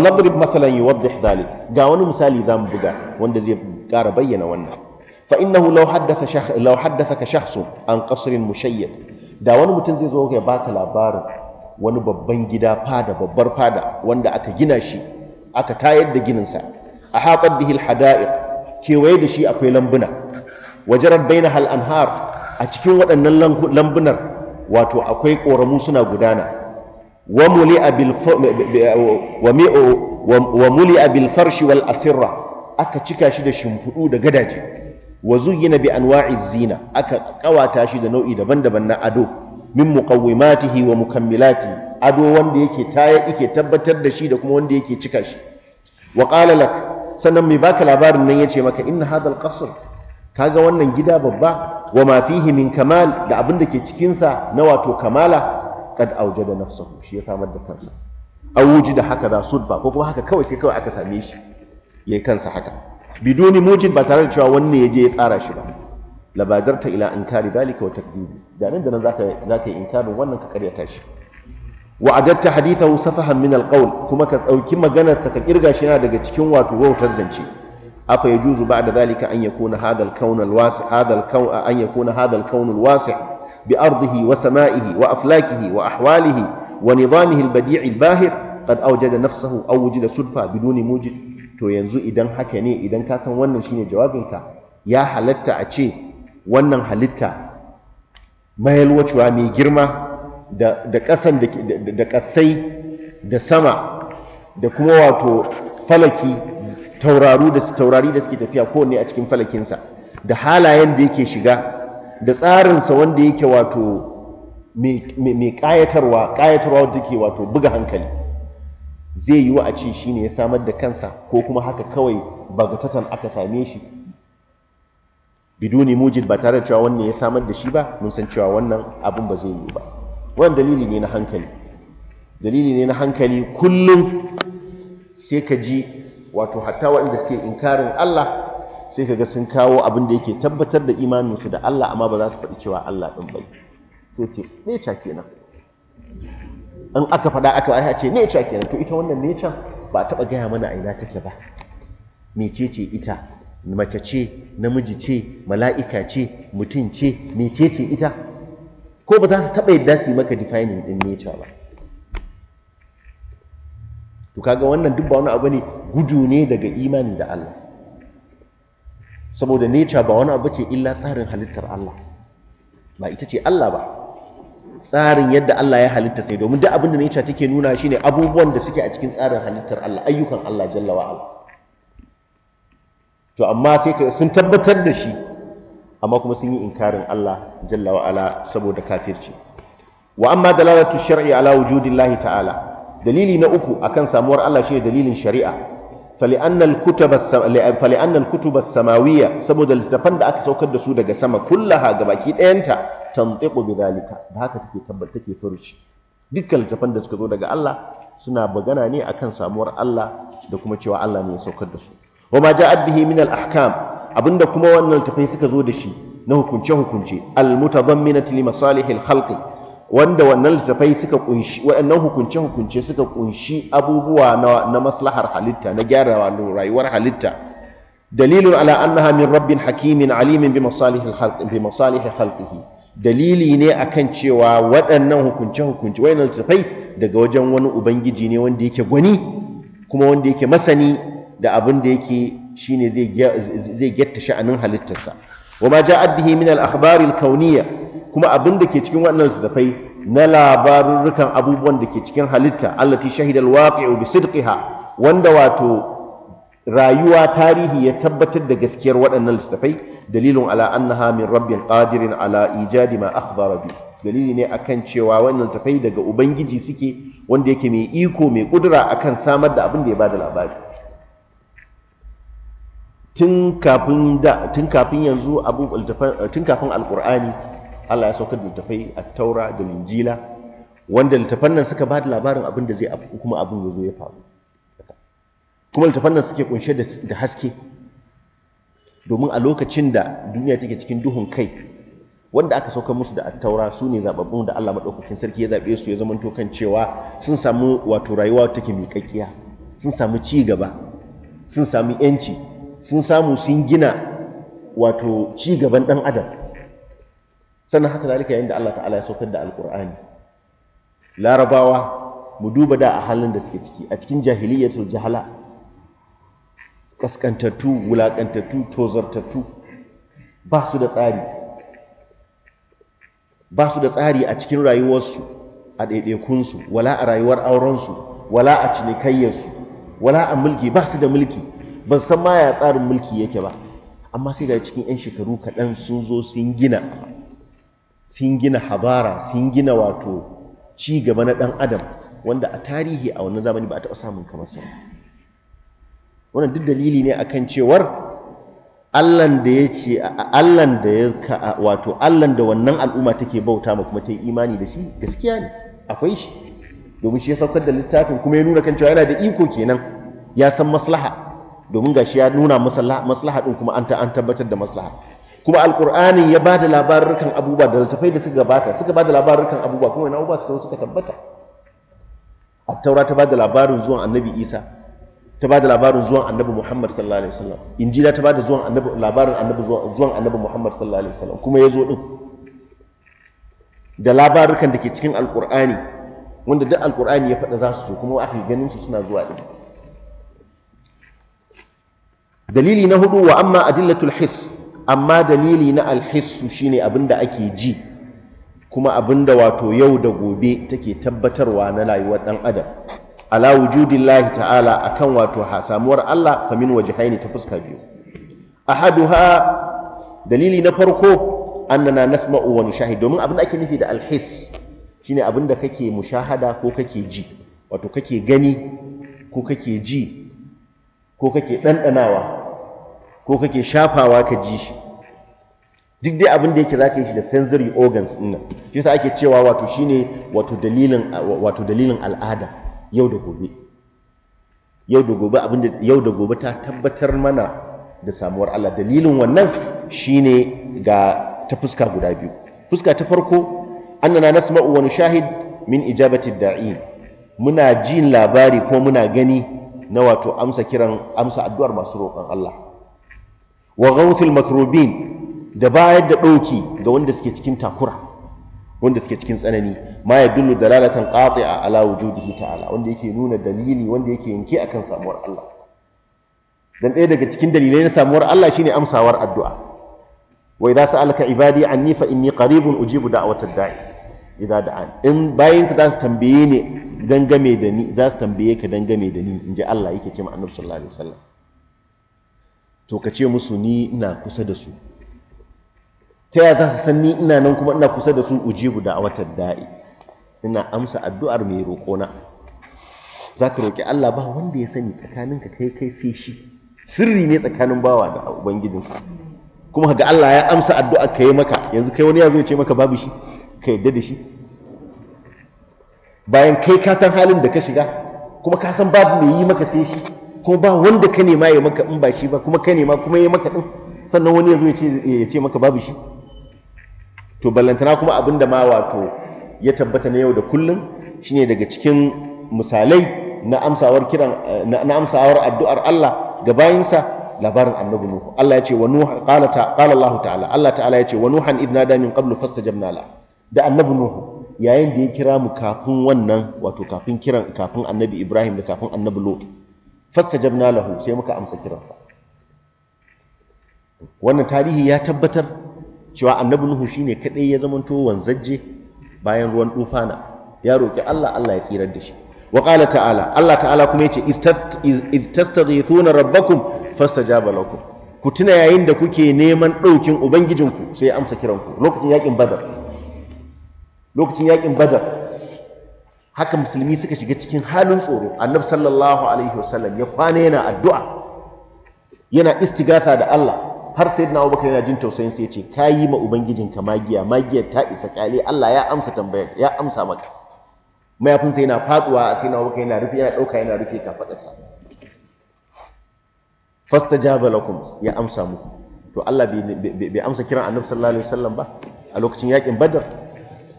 nadrib masalan yuwaddih dhalik ga wani misali zamu buga wanda zai kara bayyana wannan fa innahu law haddatha law ka shakhsun an qasrin mushayyad da wani mutum zai zo ya baka labarin wani babban gida fada babbar fada wanda aka gina shi aka tayar da gininsa a haƙar bihil Hada'ir kewaye da shi akwai lambuna wajarar baina hal anhar a cikin waɗannan lambunar wato akwai ƙoramu suna gudana wa muli abil farshi wal asirra aka cika shi da shimfiɗu da gadaje wa zuyyina bi anwa'i zina aka kawata shi da nau'i daban-daban na ado min muqawwimatihi wa mukammilati ado wanda yake taya yake tabbatar da shi da kuma wanda yake cika shi wa qala lak sannan mai baka labarin nan yace maka inna hadal al-qasr kaga wannan gida babba wa ma fihi min kamal da abin da ke cikin sa na wato kamala Kad awjada nafsahu shi ya samar da kansa an wuji da haka za sudfa ko kuma haka kawai sai kawai aka same shi yayi kansa haka بدون موجب بتعرف شو أون يجي يسأر شو بقى لا إلى إنكار ذلك وتكذيبه يعني عندنا ذاك ذاك إنكار وأن كقرية تعيش وعددت حديثه سفها من القول كما أو كما جنت سكر إرجع شنا دقة كم واتو تزنشي أف يجوز بعد ذلك أن يكون هذا الكون الواسع هذا الكون أن يكون هذا الكون الواسع بأرضه وسمائه وأفلاكه وأحواله ونظامه البديع الباهر قد أوجد نفسه أو وجد صدفة بدون موجب to yanzu idan haka ne idan ka san wannan shine jawabinka ya halatta a ce wannan halitta mayalwacewa mai girma da ƙasan da ƙasai da sama da kuma wato falaki tauraru da taurari da suke tafiya kowanne a cikin falakinsa da halayen da yake shiga da tsarinsa wanda yake wato mai ƙayatarwa ƙayatarwa wadda ke wato buga hankali zai yi wa a ce shi ne ya samar da kansa ko kuma haka kawai bagatatan aka same shi biduni mujid ba tare da cewa wannan ya samar da shi ba mun san cewa wannan abin ba zai yi ba wannan dalili ne na hankali dalili ne na hankali kullum sai ka ji wato hatta waɗanda suke inkarin Allah sai ka ga sun kawo abin da yake tabbatar da imaninsu da Allah amma ba za su faɗi cewa Allah ɗin bai sai su ce nature kenan An aka faɗa aka ai ce ne cha kenan to ita wannan ne cha ba a taɓa gaya mana a ina take ba ce ita mace ce namiji ce mala'ika ce mutum ce ce ita ko ba za su taɓa yadda su yi maka defining din nature ba to kaga wannan duk ba wani abu ne gudu ne daga imani da Allah saboda neca ba wani abu ce illa tsarin halittar Allah ba ita ce Allah ba tsarin yadda Allah ya halitta sai domin duk abin da nature take nuna shine abubuwan da suke a cikin tsarin halittar Allah ayyukan Allah jalla wa ala to amma sai ka sun tabbatar da shi amma kuma sun yi inkarin Allah jalla wa ala saboda kafirci wa amma dalalatu shar'i ala wujudillahi ta'ala dalili na uku akan samuwar Allah shine dalilin shari'a فلأن الكتب فلأن الكتب السماوية saboda الزفن da aka saukar da su daga sama kullaha gabaki ɗayanta tantiqu bidhalika da haka take tabbata take furuci dukkan littafan da suka zo daga Allah suna bagana ne akan samuwar Allah da kuma cewa Allah ne ya saukar da su wa ma ja'at bihi min al-ahkam abinda kuma wannan littafai suka zo da shi na hukunce hukunce al-mutadamminati li masalihil khalqi wanda wannan littafai suka kunshi waɗannan hukunce hukunce suka kunshi abubuwa na, maslahar halitta na gyara rayuwar halitta دليل على min rabbin رب حكيم alimin bi الخلق بمصالح dalili ne akan cewa waɗannan hukunce-hukunce wayannan littattafai daga wajen wani ubangiji ne wanda yake gwani kuma wanda yake masani da abin da yake ne zai getta sha'anin halittarsa wa ma ja'at bihi min al-akhbari al-kauniyya kuma abin da ke cikin waɗannan littattafai na labarurrukan abubuwan da ke cikin halitta allati shahidal al-waqi'u bi sidqiha wanda wato rayuwa tarihi ya tabbatar da gaskiyar waɗannan littattafai dalilun ala annaha min rabbin qadirin ala ijadi ma akhbara bi dalili ne akan cewa wannan tafai daga ubangiji suke wanda yake mai iko mai kudura akan samar da abin da ya bada labari tun kafin da tun kafin yanzu abu tun kafin alqur'ani Allah ya sauka da tafai at-taura da linjila wanda littafan nan suka bada labarin abin da zai kuma abin ya zo faru kuma littafan nan suke kunshe da haske domin a lokacin da duniya take cikin duhun kai wanda aka sauka musu da attaura su ne zababbun da Allah maɗaukakin sarki ya zaɓe su ya zama kan cewa sun samu wato rayuwa take miƙaƙƙiya sun samu ci gaba sun samu yanci sun samu sun gina wato ci gaban ɗan adam sannan haka zalika yayin da Allah ta'ala ya saukar da alƙur'ani larabawa mu duba da a halin da suke ciki a cikin jahiliyyatul jahala kaskantattu wulaƙantattu tozartattu ba su da tsari ba su da tsari a cikin rayuwarsu a ɗaiɗaikunsu wala a rayuwar aurensu wala a cinikayyarsu wala a mulki ba su da mulki ban san ma ya tsarin mulki yake ba amma sai da cikin 'yan shekaru kaɗan sun zo sun gina sun gina habara sun gina wato ci gaba na ɗan adam wanda a tarihi a wannan zamani ba a taɓa samun kamar sa wannan duk dalili ne akan cewar allan da ya ce allan da ya wato allan da wannan al'umma take bauta ma kuma ta yi imani da shi gaskiya ne akwai shi domin shi ya saukar da littafin kuma ya nuna kan cewa yana da iko kenan ya san maslaha domin gashi ya nuna maslaha din kuma an tabbatar da maslaha kuma alqur'ani ya ba da labarukan abubuwa da littafai da suka gabata suka ba da labarukan abubuwa kuma yana abubuwa suka suka tabbata at taura ta ba da labarin zuwan annabi isa ta ba da labarin zuwan annabi Muhammad sallallahu alaihi wasallam injila ta ba da zuwan annabi labarin annabi zuwan annabi Muhammad sallallahu alaihi wasallam kuma ya zo din da labarukan da ke cikin alqur'ani wanda duk alqur'ani ya faɗa za su zo kuma aka ganin su suna zuwa din dalili na hudu wa amma adillatul his amma dalili na alhis shine abinda ake ji kuma abinda wato yau da gobe take tabbatarwa na rayuwar dan adam ala wujudillahi ta'ala a kan wato ha samuwar Allah fa min wajhaini ta fuska biyu ahaduha dalili na farko annana nasma'u wani nushahid domin abin da ake nufi da alhis shine abin da kake mushahada ko kake ji wato kake gani ko kake ji ko kake ɗanɗanawa ko kake shafawa ka ji shi duk dai abin da yake za ka yi shi da sensory organs ɗin nan shi ake cewa wato shine wato wato dalilin al'ada yau da gobe yau da gobe abinda yau da gobe ta tabbatar mana da samuwar Allah dalilin wannan shine ga ta fuska guda biyu fuska ta farko annana nasma'u wa nushahid min ijabati da'in muna jin labari ko muna gani na wato amsa kiran amsa addu'ar masu roƙon Allah wa ghawthil makrubin da bayar da ɗauki ga wanda suke cikin takura wanda suke cikin tsanani ma ya dullu dalalatan qati'a ala wujudihi ta'ala wanda yake nuna dalili wanda yake yanke akan samuwar Allah dan ɗaya daga cikin dalilai na samuwar Allah shine amsawar addu'a wa idza sa'alaka ibadi anni fa inni qaribun ujibu ad da'i idza da'an in bayin ka za su tambaye ni dangame da ni za su tambaye ka dangame da ni inji Allah yake ce ma annabi sallallahu alaihi wasallam to ka ce musu ni ina kusa da su ta yaya za su san ni ina nan kuma ina kusa da su ujibu da watan da'i ina amsa addu'ar mai roƙona za ka roƙi Allah ba wanda ya sani tsakaninka kai kai sai shi sirri ne tsakanin bawa da sa kuma ga Allah ya amsa addu'a ka yi maka yanzu kai wani ya zo ce maka babu shi ka yadda da shi bayan kai ka san halin da ka shiga kuma ka san babu mai yi maka sai shi kuma ba wanda ka nema ya maka in ba shi ba kuma ka nema kuma ya maka din sannan wani ya zo ya ce maka babu shi to ballantana kuma abin da ma wato ya tabbata na yau da kullum shine daga cikin misalai na amsawar addu'ar Allah ga bayinsa labarin annabi nuhu Allah ya ce wa Nuhu qala ta Allah ta'ala Allah ta'ala ya ce wa nuhan idna da min qablu fastajabna la da annabi nuhu yayin da ya kira mu kafin wannan wato kafin kiran kafin annabi Ibrahim da kafin annabi Lut fastajabna lahu sai muka amsa kiransa wannan tarihi ya tabbatar cewa annabi nuhu shine kadai ya zamanto wanzajje bayan ruwan dufana ya roki Allah Allah ya tsirar da shi wa qala ta'ala Allah ta'ala kuma yace iz tastaghithuna rabbakum fastajaba lakum ku tuna yayin da kuke neman daukin ubangijinku sai ya amsa kiranku lokacin yakin badar lokacin yakin badar haka musulmi suka shiga cikin halin tsoro annabi sallallahu alaihi wasallam ya kwana yana addu'a yana istigatha da Allah har sai na abubakar yana jin tausayin sai ce ka yi ma ubangijinka magiya magiyar ta isa kale allah ya amsa tambayar ya amsa maka mayafin sai yana faduwa a sai na abubakar yana rufe yana dauka yana rufe kafadarsa Fasta lakum ya amsa muku to allah bai amsa kiran annabi sallallahu alaihi wasallam ba a lokacin yakin badar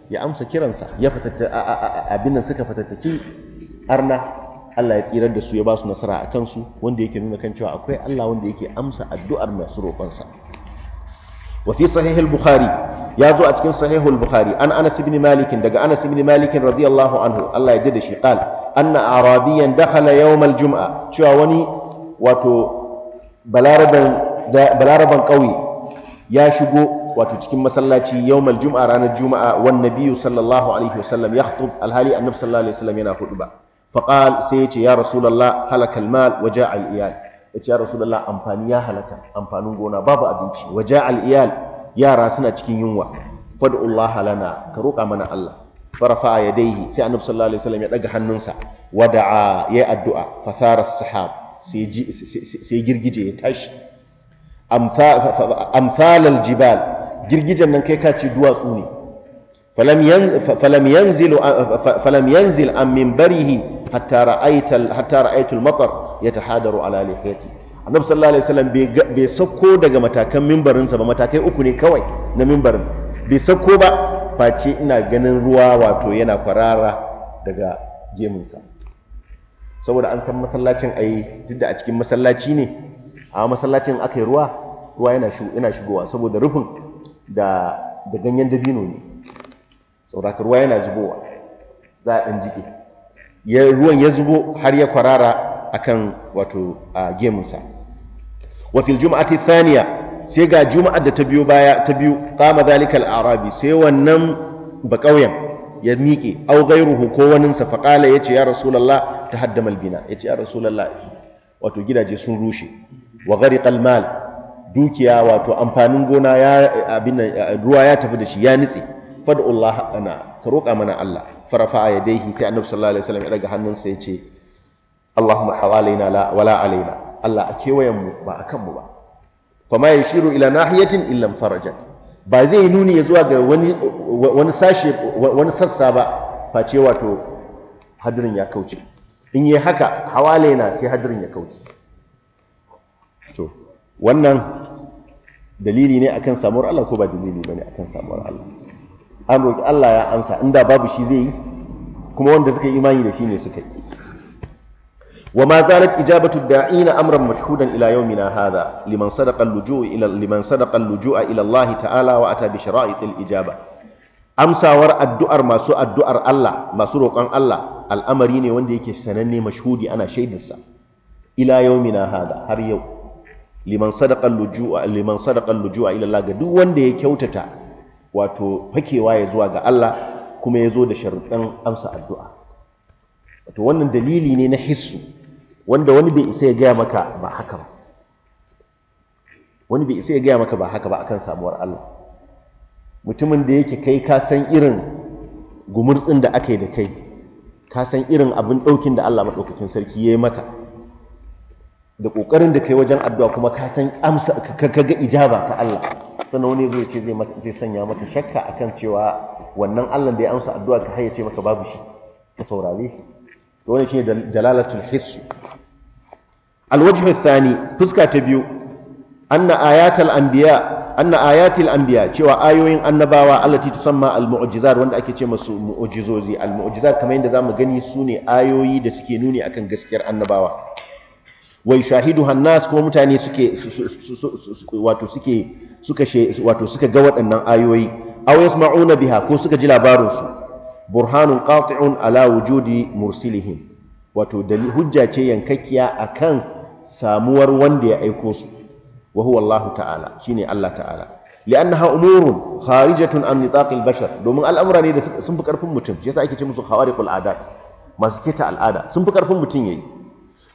ya amsa kiransa ya fatatta abin nan suka fatattaki arna Allah ya tsirar da su ya ba su nasara a kansu wanda yake nuna kan cewa akwai Allah wanda yake amsa addu'ar masu roƙonsa wa fi sahihul bukhari ya zo a cikin sahihul bukhari an anas ibn malik daga anas ibn malik radiyallahu anhu Allah ya da shi qal anna arabiyan dakhala yawm al-jum'a cewa wani wato balaraban balaraban kauye ya shigo wato cikin masallaci yawmal juma'a ranar juma'a wan nabiyyu sallallahu alaihi wasallam yakhutub alhali annabi sallallahu alaihi wasallam yana hudu ba Faƙal, sai ya ce ya rasulullah halakal mal wa ja'a al iyal ya ce ya rasulullah amfani ya halaka amfanin gona babu abinci wa ja'a al iyal yara suna cikin yunwa fad'ullaha lana ka roƙa mana Allah farafa ya daihi sai annabi sallallahu alaihi wasallam ya daga hannunsa wada'a yayi addu'a fasara sahab sai girgije ya tashi amthal jibal girgijen nan kai ka ce duwatsu ne falam yanzil an min barihi hatta ra'aital hatta ra'aitul matar yatahadaru ala lihiyati annabi sallallahu alaihi wasallam bai sauko daga matakan mimbarinsa ba matakai uku ne kawai na mimbarin bai sauko ba face ina ganin ruwa wato yana kwarara daga gemunsa saboda an san masallacin yi duk da a cikin masallaci ne a masallacin aka yi ruwa ruwa yana shigowa saboda rufin da ganyen dabino ne saboda ruwa yana zubowa za a ɗan jike ya ruwan ya zubo har ya kwarara akan wato a gemunsa wa fil jum'ati thaniya sai ga juma'a da ta biyo baya ta biyu qama zalika al arabi sai wannan ba kauyen ya miƙe au ruhu, ko wannan sa faqala yace ya rasulullah tahaddama al bina yace ya rasulullah wato gidaje sun rushe wa ghariqa al dukiya wato amfanin gona ya abin ruwa ya tafi da shi ya nitse fad'ullah ana ka roƙa mana Allah farafa yadayhi sai annabi sallallahu alaihi wasallam ya daga hannunsa ya ce Allahumma hawalaina la wala alaina Allah a kewayen mu ba a kanmu ba fama yashiru ila nahiyatin illa farajan ba zai nuni ya zuwa ga wani wani sashe wani sassa ba face wato hadirin ya kauce in yi haka hawalaina sai hadirin ya kauce to wannan dalili ne akan samuwar Allah ko ba dalili bane akan samuwar Allah an roƙi Allah ya amsa inda babu shi zai yi kuma wanda suka yi imani da shi ne suka yi wa ma zalat ijabatu da'ina amran mashhudan ila yawmina hadha liman sadaqa al-luju'u ila liman sadaqa al ila Allah ta'ala wa ata bi shara'itil ijaba amsawar addu'ar masu addu'ar Allah masu roƙon Allah al'amari ne wanda yake sananne mashhudi ana shaidarsa ila yawmina hadha har yau liman sadaqa al-luju'a liman sadaqa al ila Allah ga duk wanda ya kyautata wato fakewa ya zuwa ga Allah kuma ya zo da sharuɗan amsa addu'a wato wannan dalili ne na hissu wanda wani bai isa ya gaya maka ba haka ba wani bai isa ya gaya maka ba haka ba akan samuwar Allah mutumin da yake kai ka san irin gumurtsin da aka yi da kai ka san irin abin ɗaukin da Allah maɗaukakin sarki ya yi maka da ƙoƙarin da kai wajen addu'a kuma ka san amsa ka ga ijaba ka Allah sannan wani zai ce zai sanya maka shakka akan cewa wannan Allah da ya amsa addu'a ka har ya ce maka babu shi ka saurare shi to wani shine dalalatul hissu alwajh fuska ta biyu anna ayatul anbiya anna ayatul anbiya cewa ayoyin annabawa allati tusamma almu'jizat wanda ake ce masu mu'jizozi almu'jizat kamar yadda zamu gani sune ayoyi da suke nuni akan gaskiyar annabawa wai shahidu hannas kuma mutane suke wato suke suka wato suka ga waɗannan ayoyi aw yasma'una biha ko suka ji labarin su burhanun qati'un ala wujudi mursilihim wato hujja ce yankakkiya akan samuwar wanda ya aiko su wa huwa Allah ta'ala shine Allah ta'ala li'annaha umurun kharijatun an nitaqil bashar domin al'amura ne da sun fi karfin mutum shi yasa ake ce musu khawariqul adat masu keta al'ada sun fi karfin mutum yayi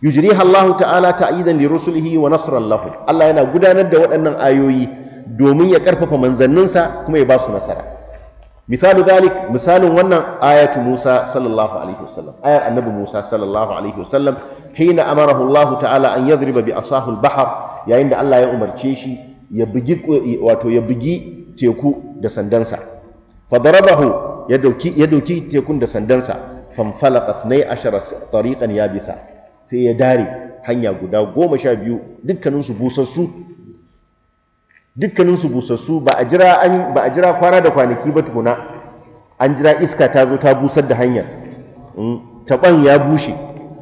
yujriha Allah ta'ala ta'idan li rusulihi wa nasran lahu Allah yana gudanar da waɗannan ayoyi domin ya karfafa manzanninsa kuma ya ba su nasara misalu dhalik misalin wannan ayatu Musa sallallahu alaihi wasallam ayar annabi Musa sallallahu alaihi wasallam hina amarahu Allah ta'ala an yadhriba bi asahul al-bahr yayin da Allah ya umarce shi ya bugi wato ya bugi teku da sandansa fadarabahu ya doki ya doki tekun da sandansa fanfalaqa 12 tariqan yabisa sai ya dare hanya guda goma sha biyu dukkaninsu busassu dukkaninsu busassu ba a jira an ba a jira kwana da kwanaki ba tukuna an jira iska ta zo ta busar da hanya mm, taban ya bushe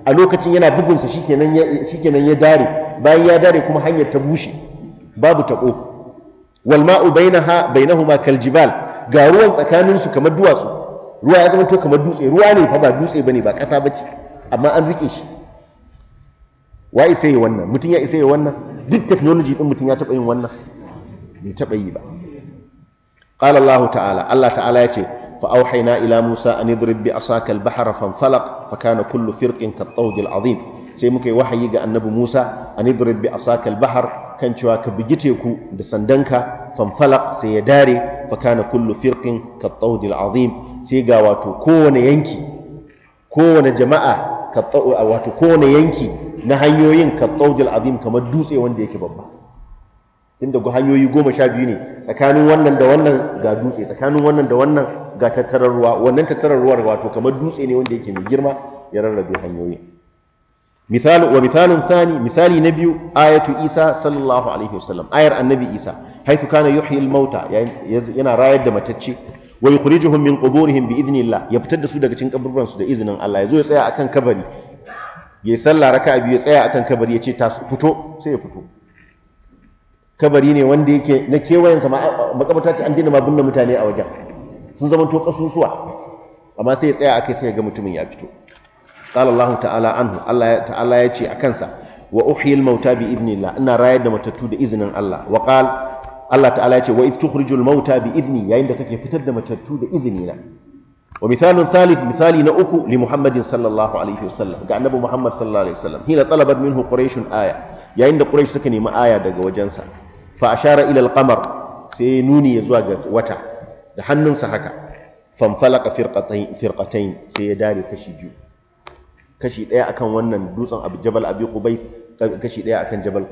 a lokacin yana bugunsa shikenan ya shikenan ya dare bayan ya dare kuma hanyar ta bushe babu taɓo wal ma'u bainaha bainahuma kal jibal ga ruwan tsakaninsu kamar duwatsu ruwa ya zama to kamar dutse ruwa ne fa ba dutse bane ba kasa bace amma an rike shi wa isa yi wannan mutum ya isa yi wannan duk technology din mutum ya taɓa yin wannan bai taɓa yi ba qala Allah ta'ala Allah ta'ala ya ce fa auhayna ila Musa an idrib bi asaka al-bahra fanfalaq fa kana kullu firqin kat-tawd al-azim sai muka yi wahayi ga annabi Musa an idrib bi asaka al-bahr kan cewa ka bigi teku da sandanka fanfalaq sai ya dare fa kana kullu firqin kat-tawd al-azim sai ga wato kowane yanki kowane jama'a wato kowane yanki na hanyoyin kattaujil azim kamar dutse wanda yake babba inda hanyoyi goma sha biyu ne tsakanin wannan da wannan ga dutse tsakanin wannan da wannan ga tattarar ruwa wannan tattarar ruwa wato kamar dutse ne wanda yake mai girma ya rarrabe hanyoyin مثال ومثال ثاني مثالي نبي آية عيسى صلى الله عليه وسلم آية النبي عيسى حيث كان يحيي الموتى يعني ينا راية دمتتشي ويخرجهم من قبورهم بإذن الله يبتد سودك تنكبرون سودة إذن الله يزوي سيا أكن كبري ya yi sallah raka biyu ya tsaya akan kabari ya ce ta fito sai ya fito kabari ne wanda yake na kewayen sama makabarta ce an dina ma binne mutane a wajen sun zama to kasusuwa amma sai ya tsaya akai sai ya ga mutumin ya fito qala Allah ta'ala anhu Allah ta'ala ya ce akan sa wa uhyil mauta bi idnillah ina rayar da matattu da izinin Allah wa qala Allah ta'ala ya ce wa id tukhrijul mauta bi idni yayin da kake fitar da matattu da izini na wa misalun thalith misali na uku li muhammadin sallallahu alaihi wasallam ga annabi muhammad sallallahu alaihi wasallam hina talabat minhu quraish aya yayin da quraish suka nemi aya daga wajensa fa ashara ila al-qamar sai nuni ya zuwa ga wata da hannunsa haka fanfalaka firqatayn sai ya dare kashi biyu kashi ɗaya akan wannan dutsen jabal abi kashi akan jabal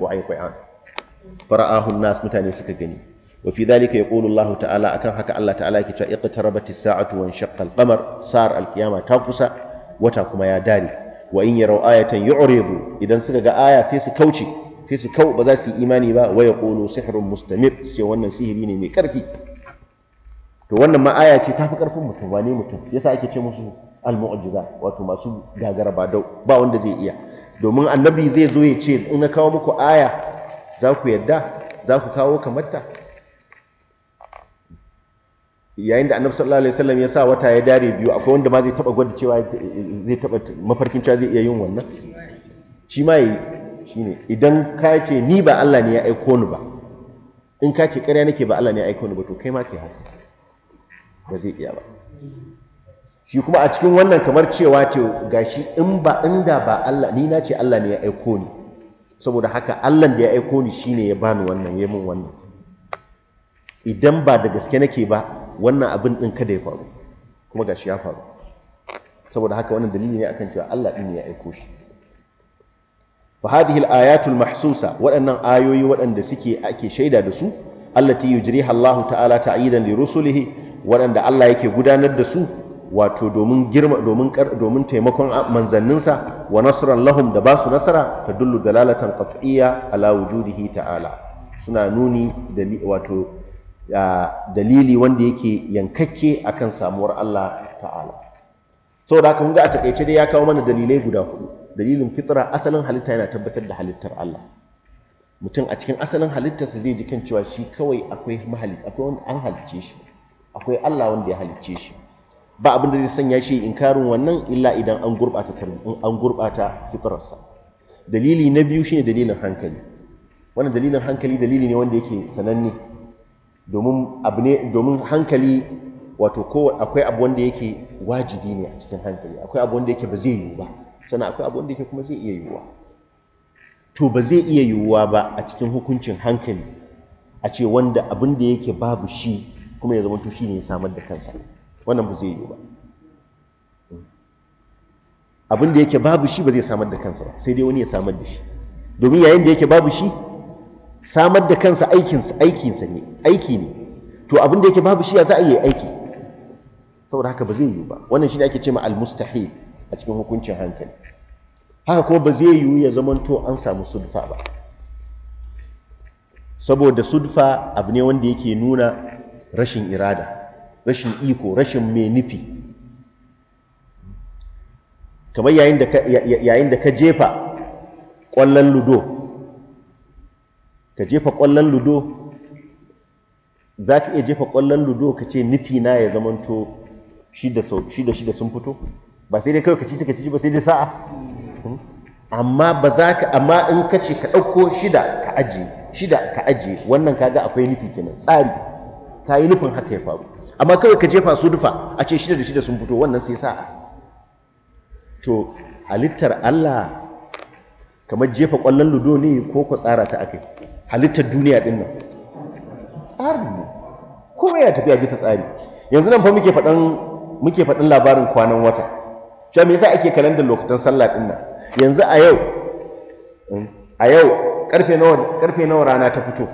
nas mutane suka gani Wa fiye da ya ƙone Allahu ta'ala akan haka Allah ta'ala aiki cewa yiƙe ta rabata sa tuwan shaƙatamar tsara alƙiyama ta kusa wata kuma ya dari. Wa in ya rauni ayatan yi cireba idan suka ga aya sai su kau ba za su yi imani ba. Wa ya ƙone sihirin Mr. Meb wannan sihiri ne mai ƙarfi. wannan aya ce ta fi ce musu jira. Wato masu gagara ba wanda zai iya. Domin annabi zai zo ya ce ina kawo muku aya. Za ku yarda za ku kawo kamata. yayin da annabi sallallahu alaihi wasallam ya sa wata ya dare biyu akwai wanda ma zai taba gwada cewa zai taba mafarkin cewa zai iya yin wannan shi ma yi shine idan ka ce ni ba Allah ne ya aiko ni ba in ka ce ƙarya nake ba Allah ne ya aiko ni ba to kai ma kai haka ba zai iya ba shi kuma a cikin wannan kamar cewa ce gashi in ba inda ba Allah ni na ce Allah ne ya aiko ni saboda haka Allah da ya aiko ni shine ya bani wannan ya min wannan idan ba da gaske nake ba wannan abin ɗin kada ya faru kuma gashi ya faru saboda haka wannan dalili ne akan cewa Allah ɗin ya aiko shi fa hadhihi al-ayatul mahsusa waɗannan ayoyi waɗanda suke ake shaida da su allati yujriha Allah ta'ala ta'idan li rusulihi waɗanda Allah yake gudanar da su wato domin girma domin domin taimakon manzanninsa wa nasran lahum da basu nasara dullu tadullu dalalatan qat'iyya ala wujudihi ta'ala suna nuni da wato dalili wanda yake yankakke a kan samuwar Allah ta'ala Sau da aka hunga a takaice dai ya kawo mana dalilai guda hudu dalilin fitra asalin halitta yana tabbatar da halittar Allah mutum a cikin asalin halittarsa zai ji kan cewa shi kawai akwai mahali akwai wanda an halicce shi akwai Allah wanda ya halicce shi ba abin da zai sanya shi inkarin wannan illa idan an gurbata an gurɓata fitrarsa dalili na biyu shine dalilin hankali wannan dalilin hankali dalili ne wanda yake sananne domin hankali wato akwai abu wanda yake wajibi ne a cikin hankali akwai abu wanda yake ba zai yiwu ba sannan akwai abu wanda yake kuma zai iya yiwuwa to ba zai iya yiwuwa ba a cikin hukuncin hankali a ce wanda abin da yake babu shi kuma ya zama to shi ne ya samar da kansa wannan ba zai yiwu ba abin da yake babu shi ba zai samar da kansa ba sai dai wani ya samar da shi domin yayin da yake babu shi samar da kansa aikinsa aikinsa ne aiki ne to abin da yake babu shi ya za a yi aiki saboda haka ba zai yiwu ba wannan shi ne ake ce ma almustahil a cikin hukuncin hankali haka kuma ba zai yiwu ya zamanto an samu sudfa ba saboda sudfa abu ne wanda yake nuna rashin irada rashin iko rashin mai nufi kamar yayin da ka jefa ƙwallon ludo ka jefa ƙwallon ludo za ka iya jefa ƙwallon ludo ka ce nufi na ya zamanto shi shida sun fito ba sai dai kawai ka cici ka ci ba sai dai sa'a hmm? amma ba za ka amma in ka ce ka ɗauko shida ka ajiye shida ka ajiye wannan kaga akwai nufi kenan tsari ka yi nufin haka ya faru amma kawai ka jefa su dufa a ce shida da shida sun fito wannan sai sa'a to halittar Allah kamar jefa ƙwallon ludo ne ko ku tsara ta akai halittar duniya ɗin nan tsarin ne kowa ya tafiya bisa tsari yanzu nan fa muke faɗan muke faɗan labarin kwanan wata cewa me yasa ake kalandar lokutan sallah ɗin nan yanzu a yau hmm, a yau karfe nawa karfe nawa rana ta fito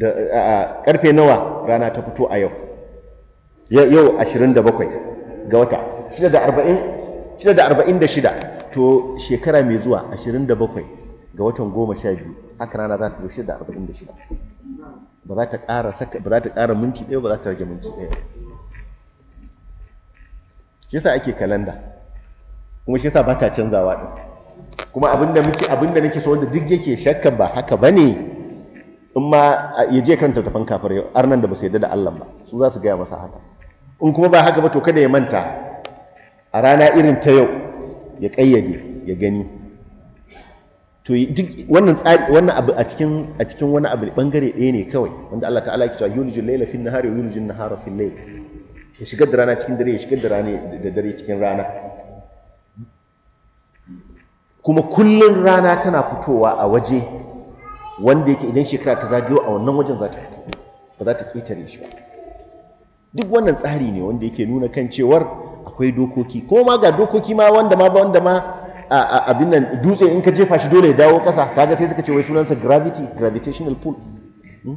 da karfe nawa rana ta fito a yau yau 27 ga wata 6 da 46 to shekara mai zuwa 27 ga watan goma sha biyu haka rana za ta zo shida arba'in da shida ba za ta ƙara saka ba za ta ƙara minti ɗaya ba za ta rage minti ɗaya shi yasa ake kalanda kuma shi yasa ba ta canzawa ɗin kuma abinda muke abinda nake so wanda duk yake shakkan ba haka ba ne in ma ya je kan tattafan kafar yau arnan da ba su yadda da Allah ba su za su gaya masa haka in kuma ba haka ba to kada ya manta a rana irin ta yau ya ƙayyade ya gani to duk wannan tsari wannan abu a cikin a cikin wani abu bangare ɗaya ne kawai wanda Allah ta'ala yake cewa yulijul layla fil nahari wa yulijul nahara fil layl ya shigar da rana cikin dare ya shigar da rana da dare cikin rana kuma kullun rana tana fitowa a waje wanda yake idan shekara ta zagayo a wannan wajen za ta fito ba za ta ƙetare shi ba duk wannan tsari ne wanda yake nuna kan cewar akwai dokoki ko ma ga dokoki ma wanda ma ba wanda ma abin nan dutse in ka jefa shi dole ya dawo kasa kaga sai suka ce wai sunansa gravity gravitational pull hmm?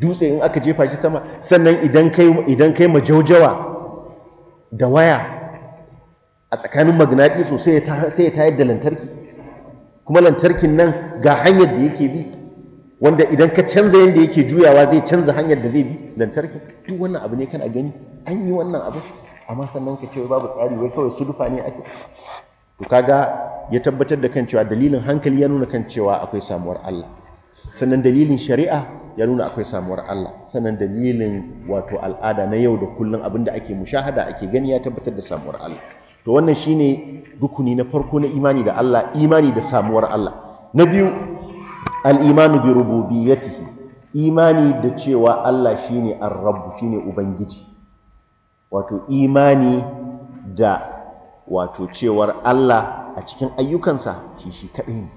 dutse in aka jefa shi sama sannan idan kai idan kai majaujawa da waya a tsakanin magnatiso sai ya tayar da lantarki kuma lantarkin nan ga hanyar da yake bi wanda idan ka canza yadda yake juyawa zai canza hanyar da zai bi lantarki. duk wannan abu ne kana gani an yi wannan abu amma sannan ka ce babu tsari wai kawai sudufa ne ake to kaga ya tabbatar da kan cewa dalilin hankali ya nuna kan cewa akwai samuwar Allah sannan dalilin shari'a ya nuna akwai samuwar Allah sannan dalilin wato al'ada na yau da kullum da ake mushahada ake gani ya tabbatar da samuwar Allah to wannan shine rukuni na farko na imani da Allah imani da samuwar Allah na biyu al-imanu bi rububiyyatihi imani da cewa Allah shine ar-rabb shine ubangiji wato imani da wato cewar Allah a cikin ayyukansa shi shi kaɗai ne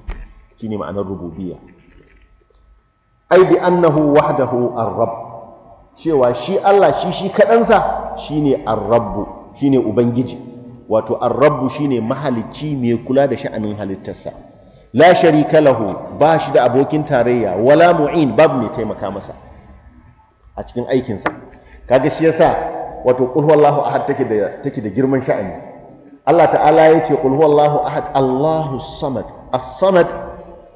shi ne ma'anar rububiyya ai bi annahu wahdahu ar cewa shi Allah shi shi kaɗansa shi ne ar shi ne ubangiji wato ar shine shi ne mahalicci mai kula da sha'anin halittarsa la sharika lahu ba shi da abokin tarayya wala mu'in babu mai taimaka masa a cikin aikinsa kaga shi yasa wato qul huwallahu ahad take da da girman sha'ani Allah ta'ala ya ce qul huwallahu ahad Allahu samad as-samad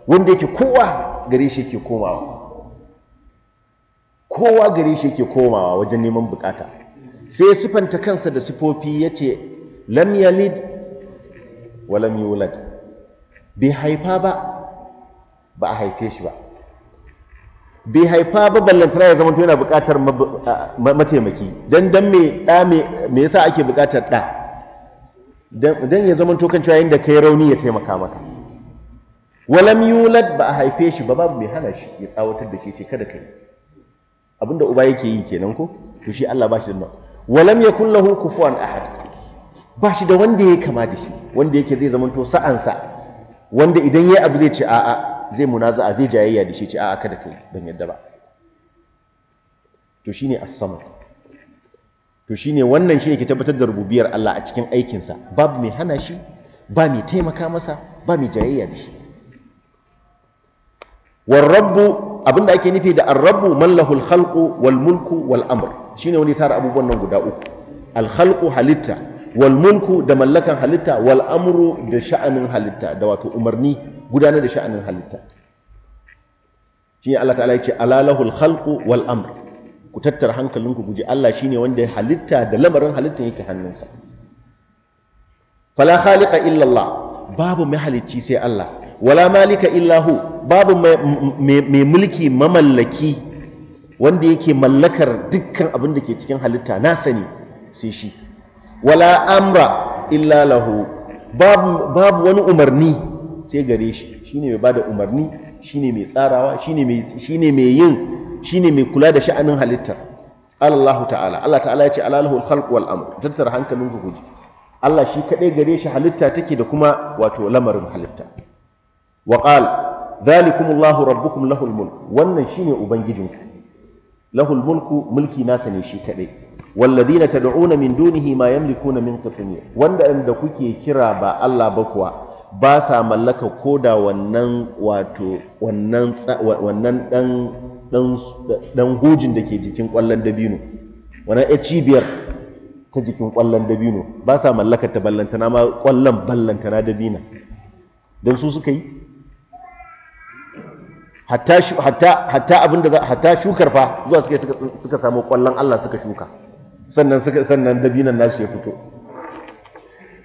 wanda yake kowa gare shi yake komawa kowa gare shi yake komawa wajen neman bukata sai sifanta kansa da sifofi yace lam yalid wa lam yulad bai haifa ba ba a haife shi ba bai haifa ba ballantana ya zama yana buƙatar mataimaki don don me ɗa me yasa ake buƙatar ɗa don ya zama to kan cewa inda kai rauni ya taimaka maka walam yulad ba a haife shi ba babu mai hana shi ya tsawatar da shi ce kada kai abinda uba yake yi kenan ko to shi Allah ba shi da walam yakun lahu kufuwan ahad ba shi da wanda ya kama da shi wanda yake zai zama to sa'ansa wanda idan yi abu zai ce a'a zai munaza'a zai jayayya da shi ce a'a kada kai ban yadda ba to shine as-samad to shine wannan shine ke tabbatar da rububiyar Allah a cikin aikinsa babu mai hana shi ba mai taimaka masa ba mai jayayya da shi warrabbu abinda ake nufi da arrabbu man lahul khalqu wal mulku wal amr shine wani tara abubuwan nan guda uku al khalqu halitta wal mulku da mallakan halitta wal amru da sha'anin halitta da wato umarni gudanar da sha'anin halitta shi Allah ta'ala ya ce alalahul khalqu wal amr ku tattara hankalinku ku ji Allah shine wanda ya halitta da lamarin halittan yake hannunsa fala khaliqa illa Allah babu mahalicci sai Allah wala malika illa hu babu mai mulki mamallaki wanda yake mallakar dukkan abin da ke cikin halitta na sani sai shi wala amra illa lahu babu babu wani umarni sai gare shi shine mai bada umarni shine mai tsarawa shine mai shine mai yin shine mai kula da sha'anin halittar Allah ta'ala Allah ta'ala ya ce alalahul khalq wal amr tattara hankalin ku guji Allah shi kadai gare shi halitta take da kuma wato lamarin halitta wa qal dhalikumullahu rabbukum lahul mulk wannan shine ubangijinku lahul mulku mulki nasa ne shi kadai walladina tad'una min dunihi ma yamlikuna min qitmir wanda inda kuke kira ba Allah ba kuwa ba sa mallaka koda wannan wato wannan wannan dan dan dan hujin dake jikin kwallon dabino wannan ya cibiyar ta jikin kwallon dabino ba sa mallaka ta ballanta na ma kwallon na dabina dan su suka yi hatta hatta hatta abinda hatta shukar fa zuwa suka suka samu kwallon Allah suka shuka sannan suka sannan dabinan nashi ya fito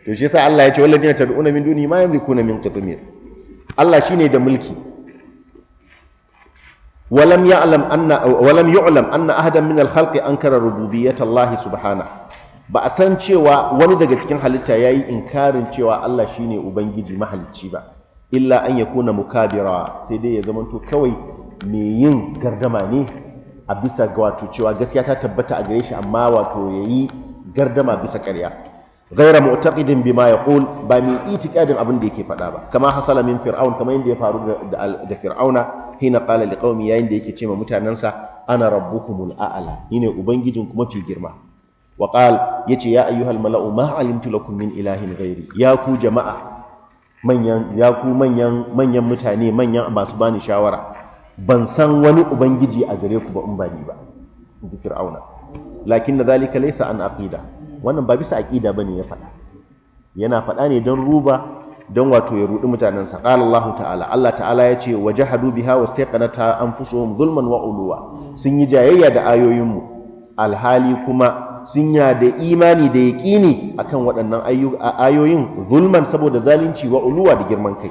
to shi yasa Allah ya ce wallazina tad'una min duni ma yamlikuna min qitmir Allah shine da mulki walam ya'lam anna walam yu'lam anna ahadan min al-khalqi ankara rububiyyat Allah subhanahu ba a san cewa wani daga cikin halitta ya yi inkarin cewa Allah shine ubangiji mahalicci ba illa an yakuna mukabira sai dai ya zamanto kawai mai yin gardama ne a bisa ga wato cewa gaskiya ta tabbata a gare shi amma wato yayi gardama bisa ƙarya ghayra mu'taqidin bima yaqul ba mi itiqadin abin da yake faɗa ba kama hasala min fir'aun kama yanda ya faru da fir'auna hina qala liqaumi yayin da yake ce ma mutanansa ana rabbukumul a'la yine ubangijin kuma fi girma wa ya yace ya ayyuhal mala'u ma alimtu lakum min ilahin ghairi ya ku jama'a manyan ya ku manyan manyan mutane manyan masu bani shawara ban san wani ubangiji a gare ku ba in ba ni ba in ji fir'auna lakin da zalika laysa an aqida wannan ba bisa aqida bane ya faɗa yana faɗa ne don ruba don wato ya rudi mutanen sa qala Allah ta'ala Allah ta'ala ya ce wajahadu biha wastaqanata anfusuhum zulman wa uluwa sun yi jayayya da ayoyin mu alhali kuma sun ya da imani da yaqini akan waɗannan ayoyin zulman saboda zalunci wa uluwa da girman kai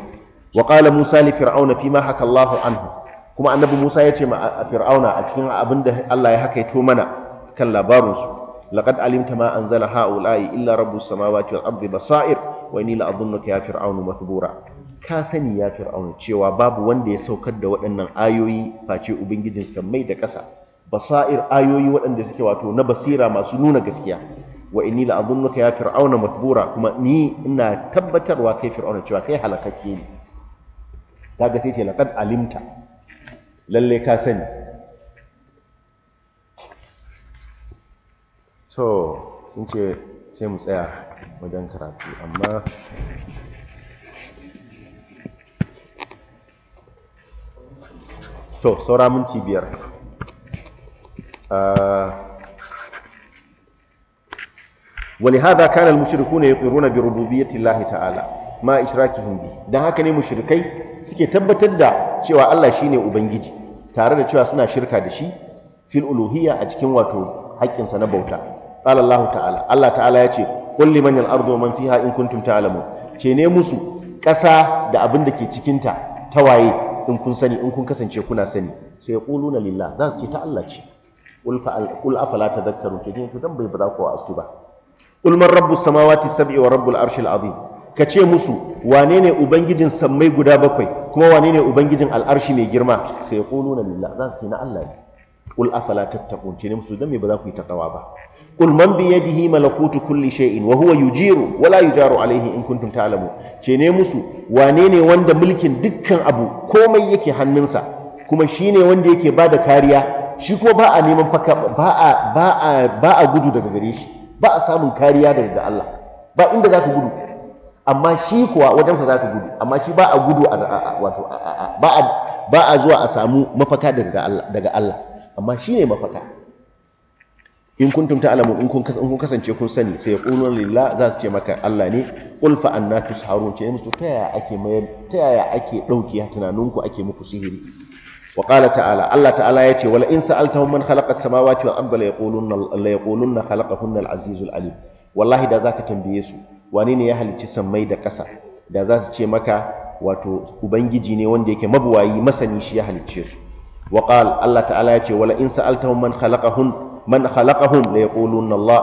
wa qala Musa li fir'auna fima hakallahu anhu kuma annabi Musa ya ce ma Fir'auna a cikin abin da Allah ya hakaito mana kan labarinsu laqad alimta ma anzala haula'i illa rabbus samawati wal ardi basair wa inni la ya fir'aunu mathbura ka sani ya fir'aunu cewa babu wanda ya saukar da waɗannan ayoyi face ubangijin sammai da ƙasa basair ayoyi waɗanda suke wato na basira masu nuna gaskiya wa inni la ya fir'auna mathbura kuma ni ina tabbatarwa kai fir'auna cewa kai halakakke ne kaga sai ce laqad alimta lalle ka sani so sun ce sai mu tsaya wajen karatu amma to saura minti biyar ولهذا كان المشركون يقرون بربوبية الله تعالى ما إشراكهم به ده هكذا tabbatar سكي تبتدى شوى الله شيني Ubangiji. tare da cewa suna shirka da shi fil uluhiyya a cikin wato haƙƙinsa na bauta qala Allah ta'ala Allah ta'ala ya ce qul liman al-ardu man fiha in kuntum ta'lamu ce ne musu ƙasa da abin da ke cikin ta tawaye in kun sani in kun kasance kuna sani sai yaquluna lillah za su ce ta Allah ce qul fa qul afala tadhakkaru ce ne to dan bai bara ko ba qul man rabbus samawati sab'i wa rabbul arshil azim ka ce musu wane ne ubangijin sammai guda bakwai kuma wane ne ubangijin al'arshi mai girma sai ya ƙulu na lillah za su ce na Allah ne ƙul afala tattakun. ce ne musu dan me ba za ku yi taqawa ba ƙul man bi yadihi malakutu kulli shay'in wa huwa yujiru wa la yujaru alaihi in kuntum ta'lamu ce ne musu wane ne wanda mulkin dukkan abu komai yake hannunsa kuma shi ne wanda yake ba da kariya shi kuma ba a neman faka ba a ba a ba a gudu daga gare shi ba a samun kariya daga Allah ba inda za ka gudu amma shi kuwa wajensa za ka gudu amma shi ba a gudu wato ba a zuwa a samu mafaka daga Allah amma shi ne mafaka in kuntum ta'lamun in kun kasance kun sani sai ƙunar lillah za su ce maka Allah ne qul fa anna tusharun ce musu ta yaya ake mayar ta yaya ake tunaninku ake muku sihiri wa qala ta'ala Allah ta'ala yace wala in sa'altahum man khalaqa as-samawati wal arda la yaquluna la yaquluna khalaqahunna al-azizul alim wallahi da zaka tambaye su Wani ne ya halicci sammai da ƙasa da za su ce maka wato ubangiji ne wanda yake mabuwayi masani shi ya halicce su wa Allah ta'ala ya ce wala in sa'altahum man khalaqahum man khalaqahum la yaquluna Allah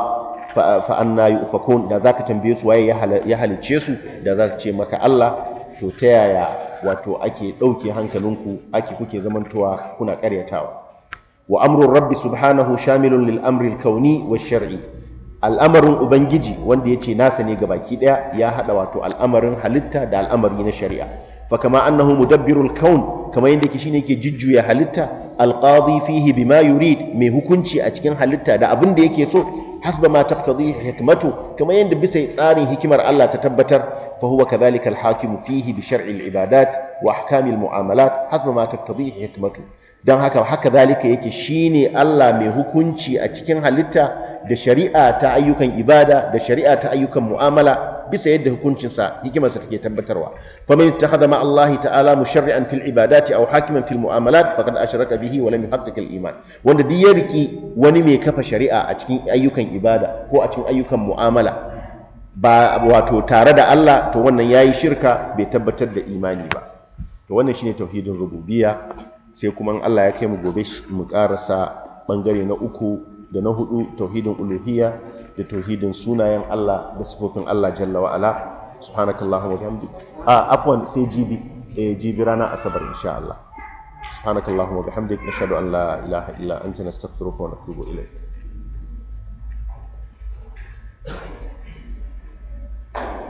fa anna yufakun da zaka tambaye su waye ya halicce su da za su ce maka Allah to ta yaya wato ake ɗauke hankalinku ake kuke zamantowa kuna ƙaryatawa wa amrun rabbi subhanahu shamilun lil amri kauni wa shar'i al'amarin ubangiji wanda ya ce nasa ne gabaki daya ya haɗa wato al'amarin halitta da al'amari na shari'a fa kama annahu mudabbirul kaun kamar yadda yake shine yake jujjuya halitta alqadi fihi bima yurid mai hukunci a cikin halitta da abin da yake so hasba ma taqtadi hikmatu kamar yadda bisa tsarin hikimar Allah ta tabbatar fa huwa kadhalika al-hakimu fihi bi shar'i al-ibadat wa ahkamil muamalat hasba ma taqtadi hikmatu don haka haka zalika yake shine Allah mai hukunci a cikin halitta da shari'a ta ayyukan ibada da shari'a ta ayyukan mu'amala bisa yadda hukuncinsa hikimarsa take tabbatarwa faman ittakhadha ma Allah ta'ala musharri'an fil ibadati aw hakiman fil mu'amalat faqad ashraka bihi wa lam yuhaqqiq al iman wanda duk ya riki wani mai kafa shari'a a cikin ayyukan ibada ko a cikin ayyukan mu'amala ba wato tare da Allah to wannan yayi shirka bai tabbatar da imani ba to wannan shine tauhidin rububiyya sai kuma Allah ya kai mu gobe mu karasa bangare na uku da na hudu tauhidin uluhiyya da tauhidin sunayen Allah da sifofin Allah jalla wa ala subhanakallah wa bihamdik a afwan sai jibi eh jibi rana asabar insha Allah subhanakallah wa bihamdik nashhadu an la ilaha illa anta nastaghfiruka wa natubu ilayk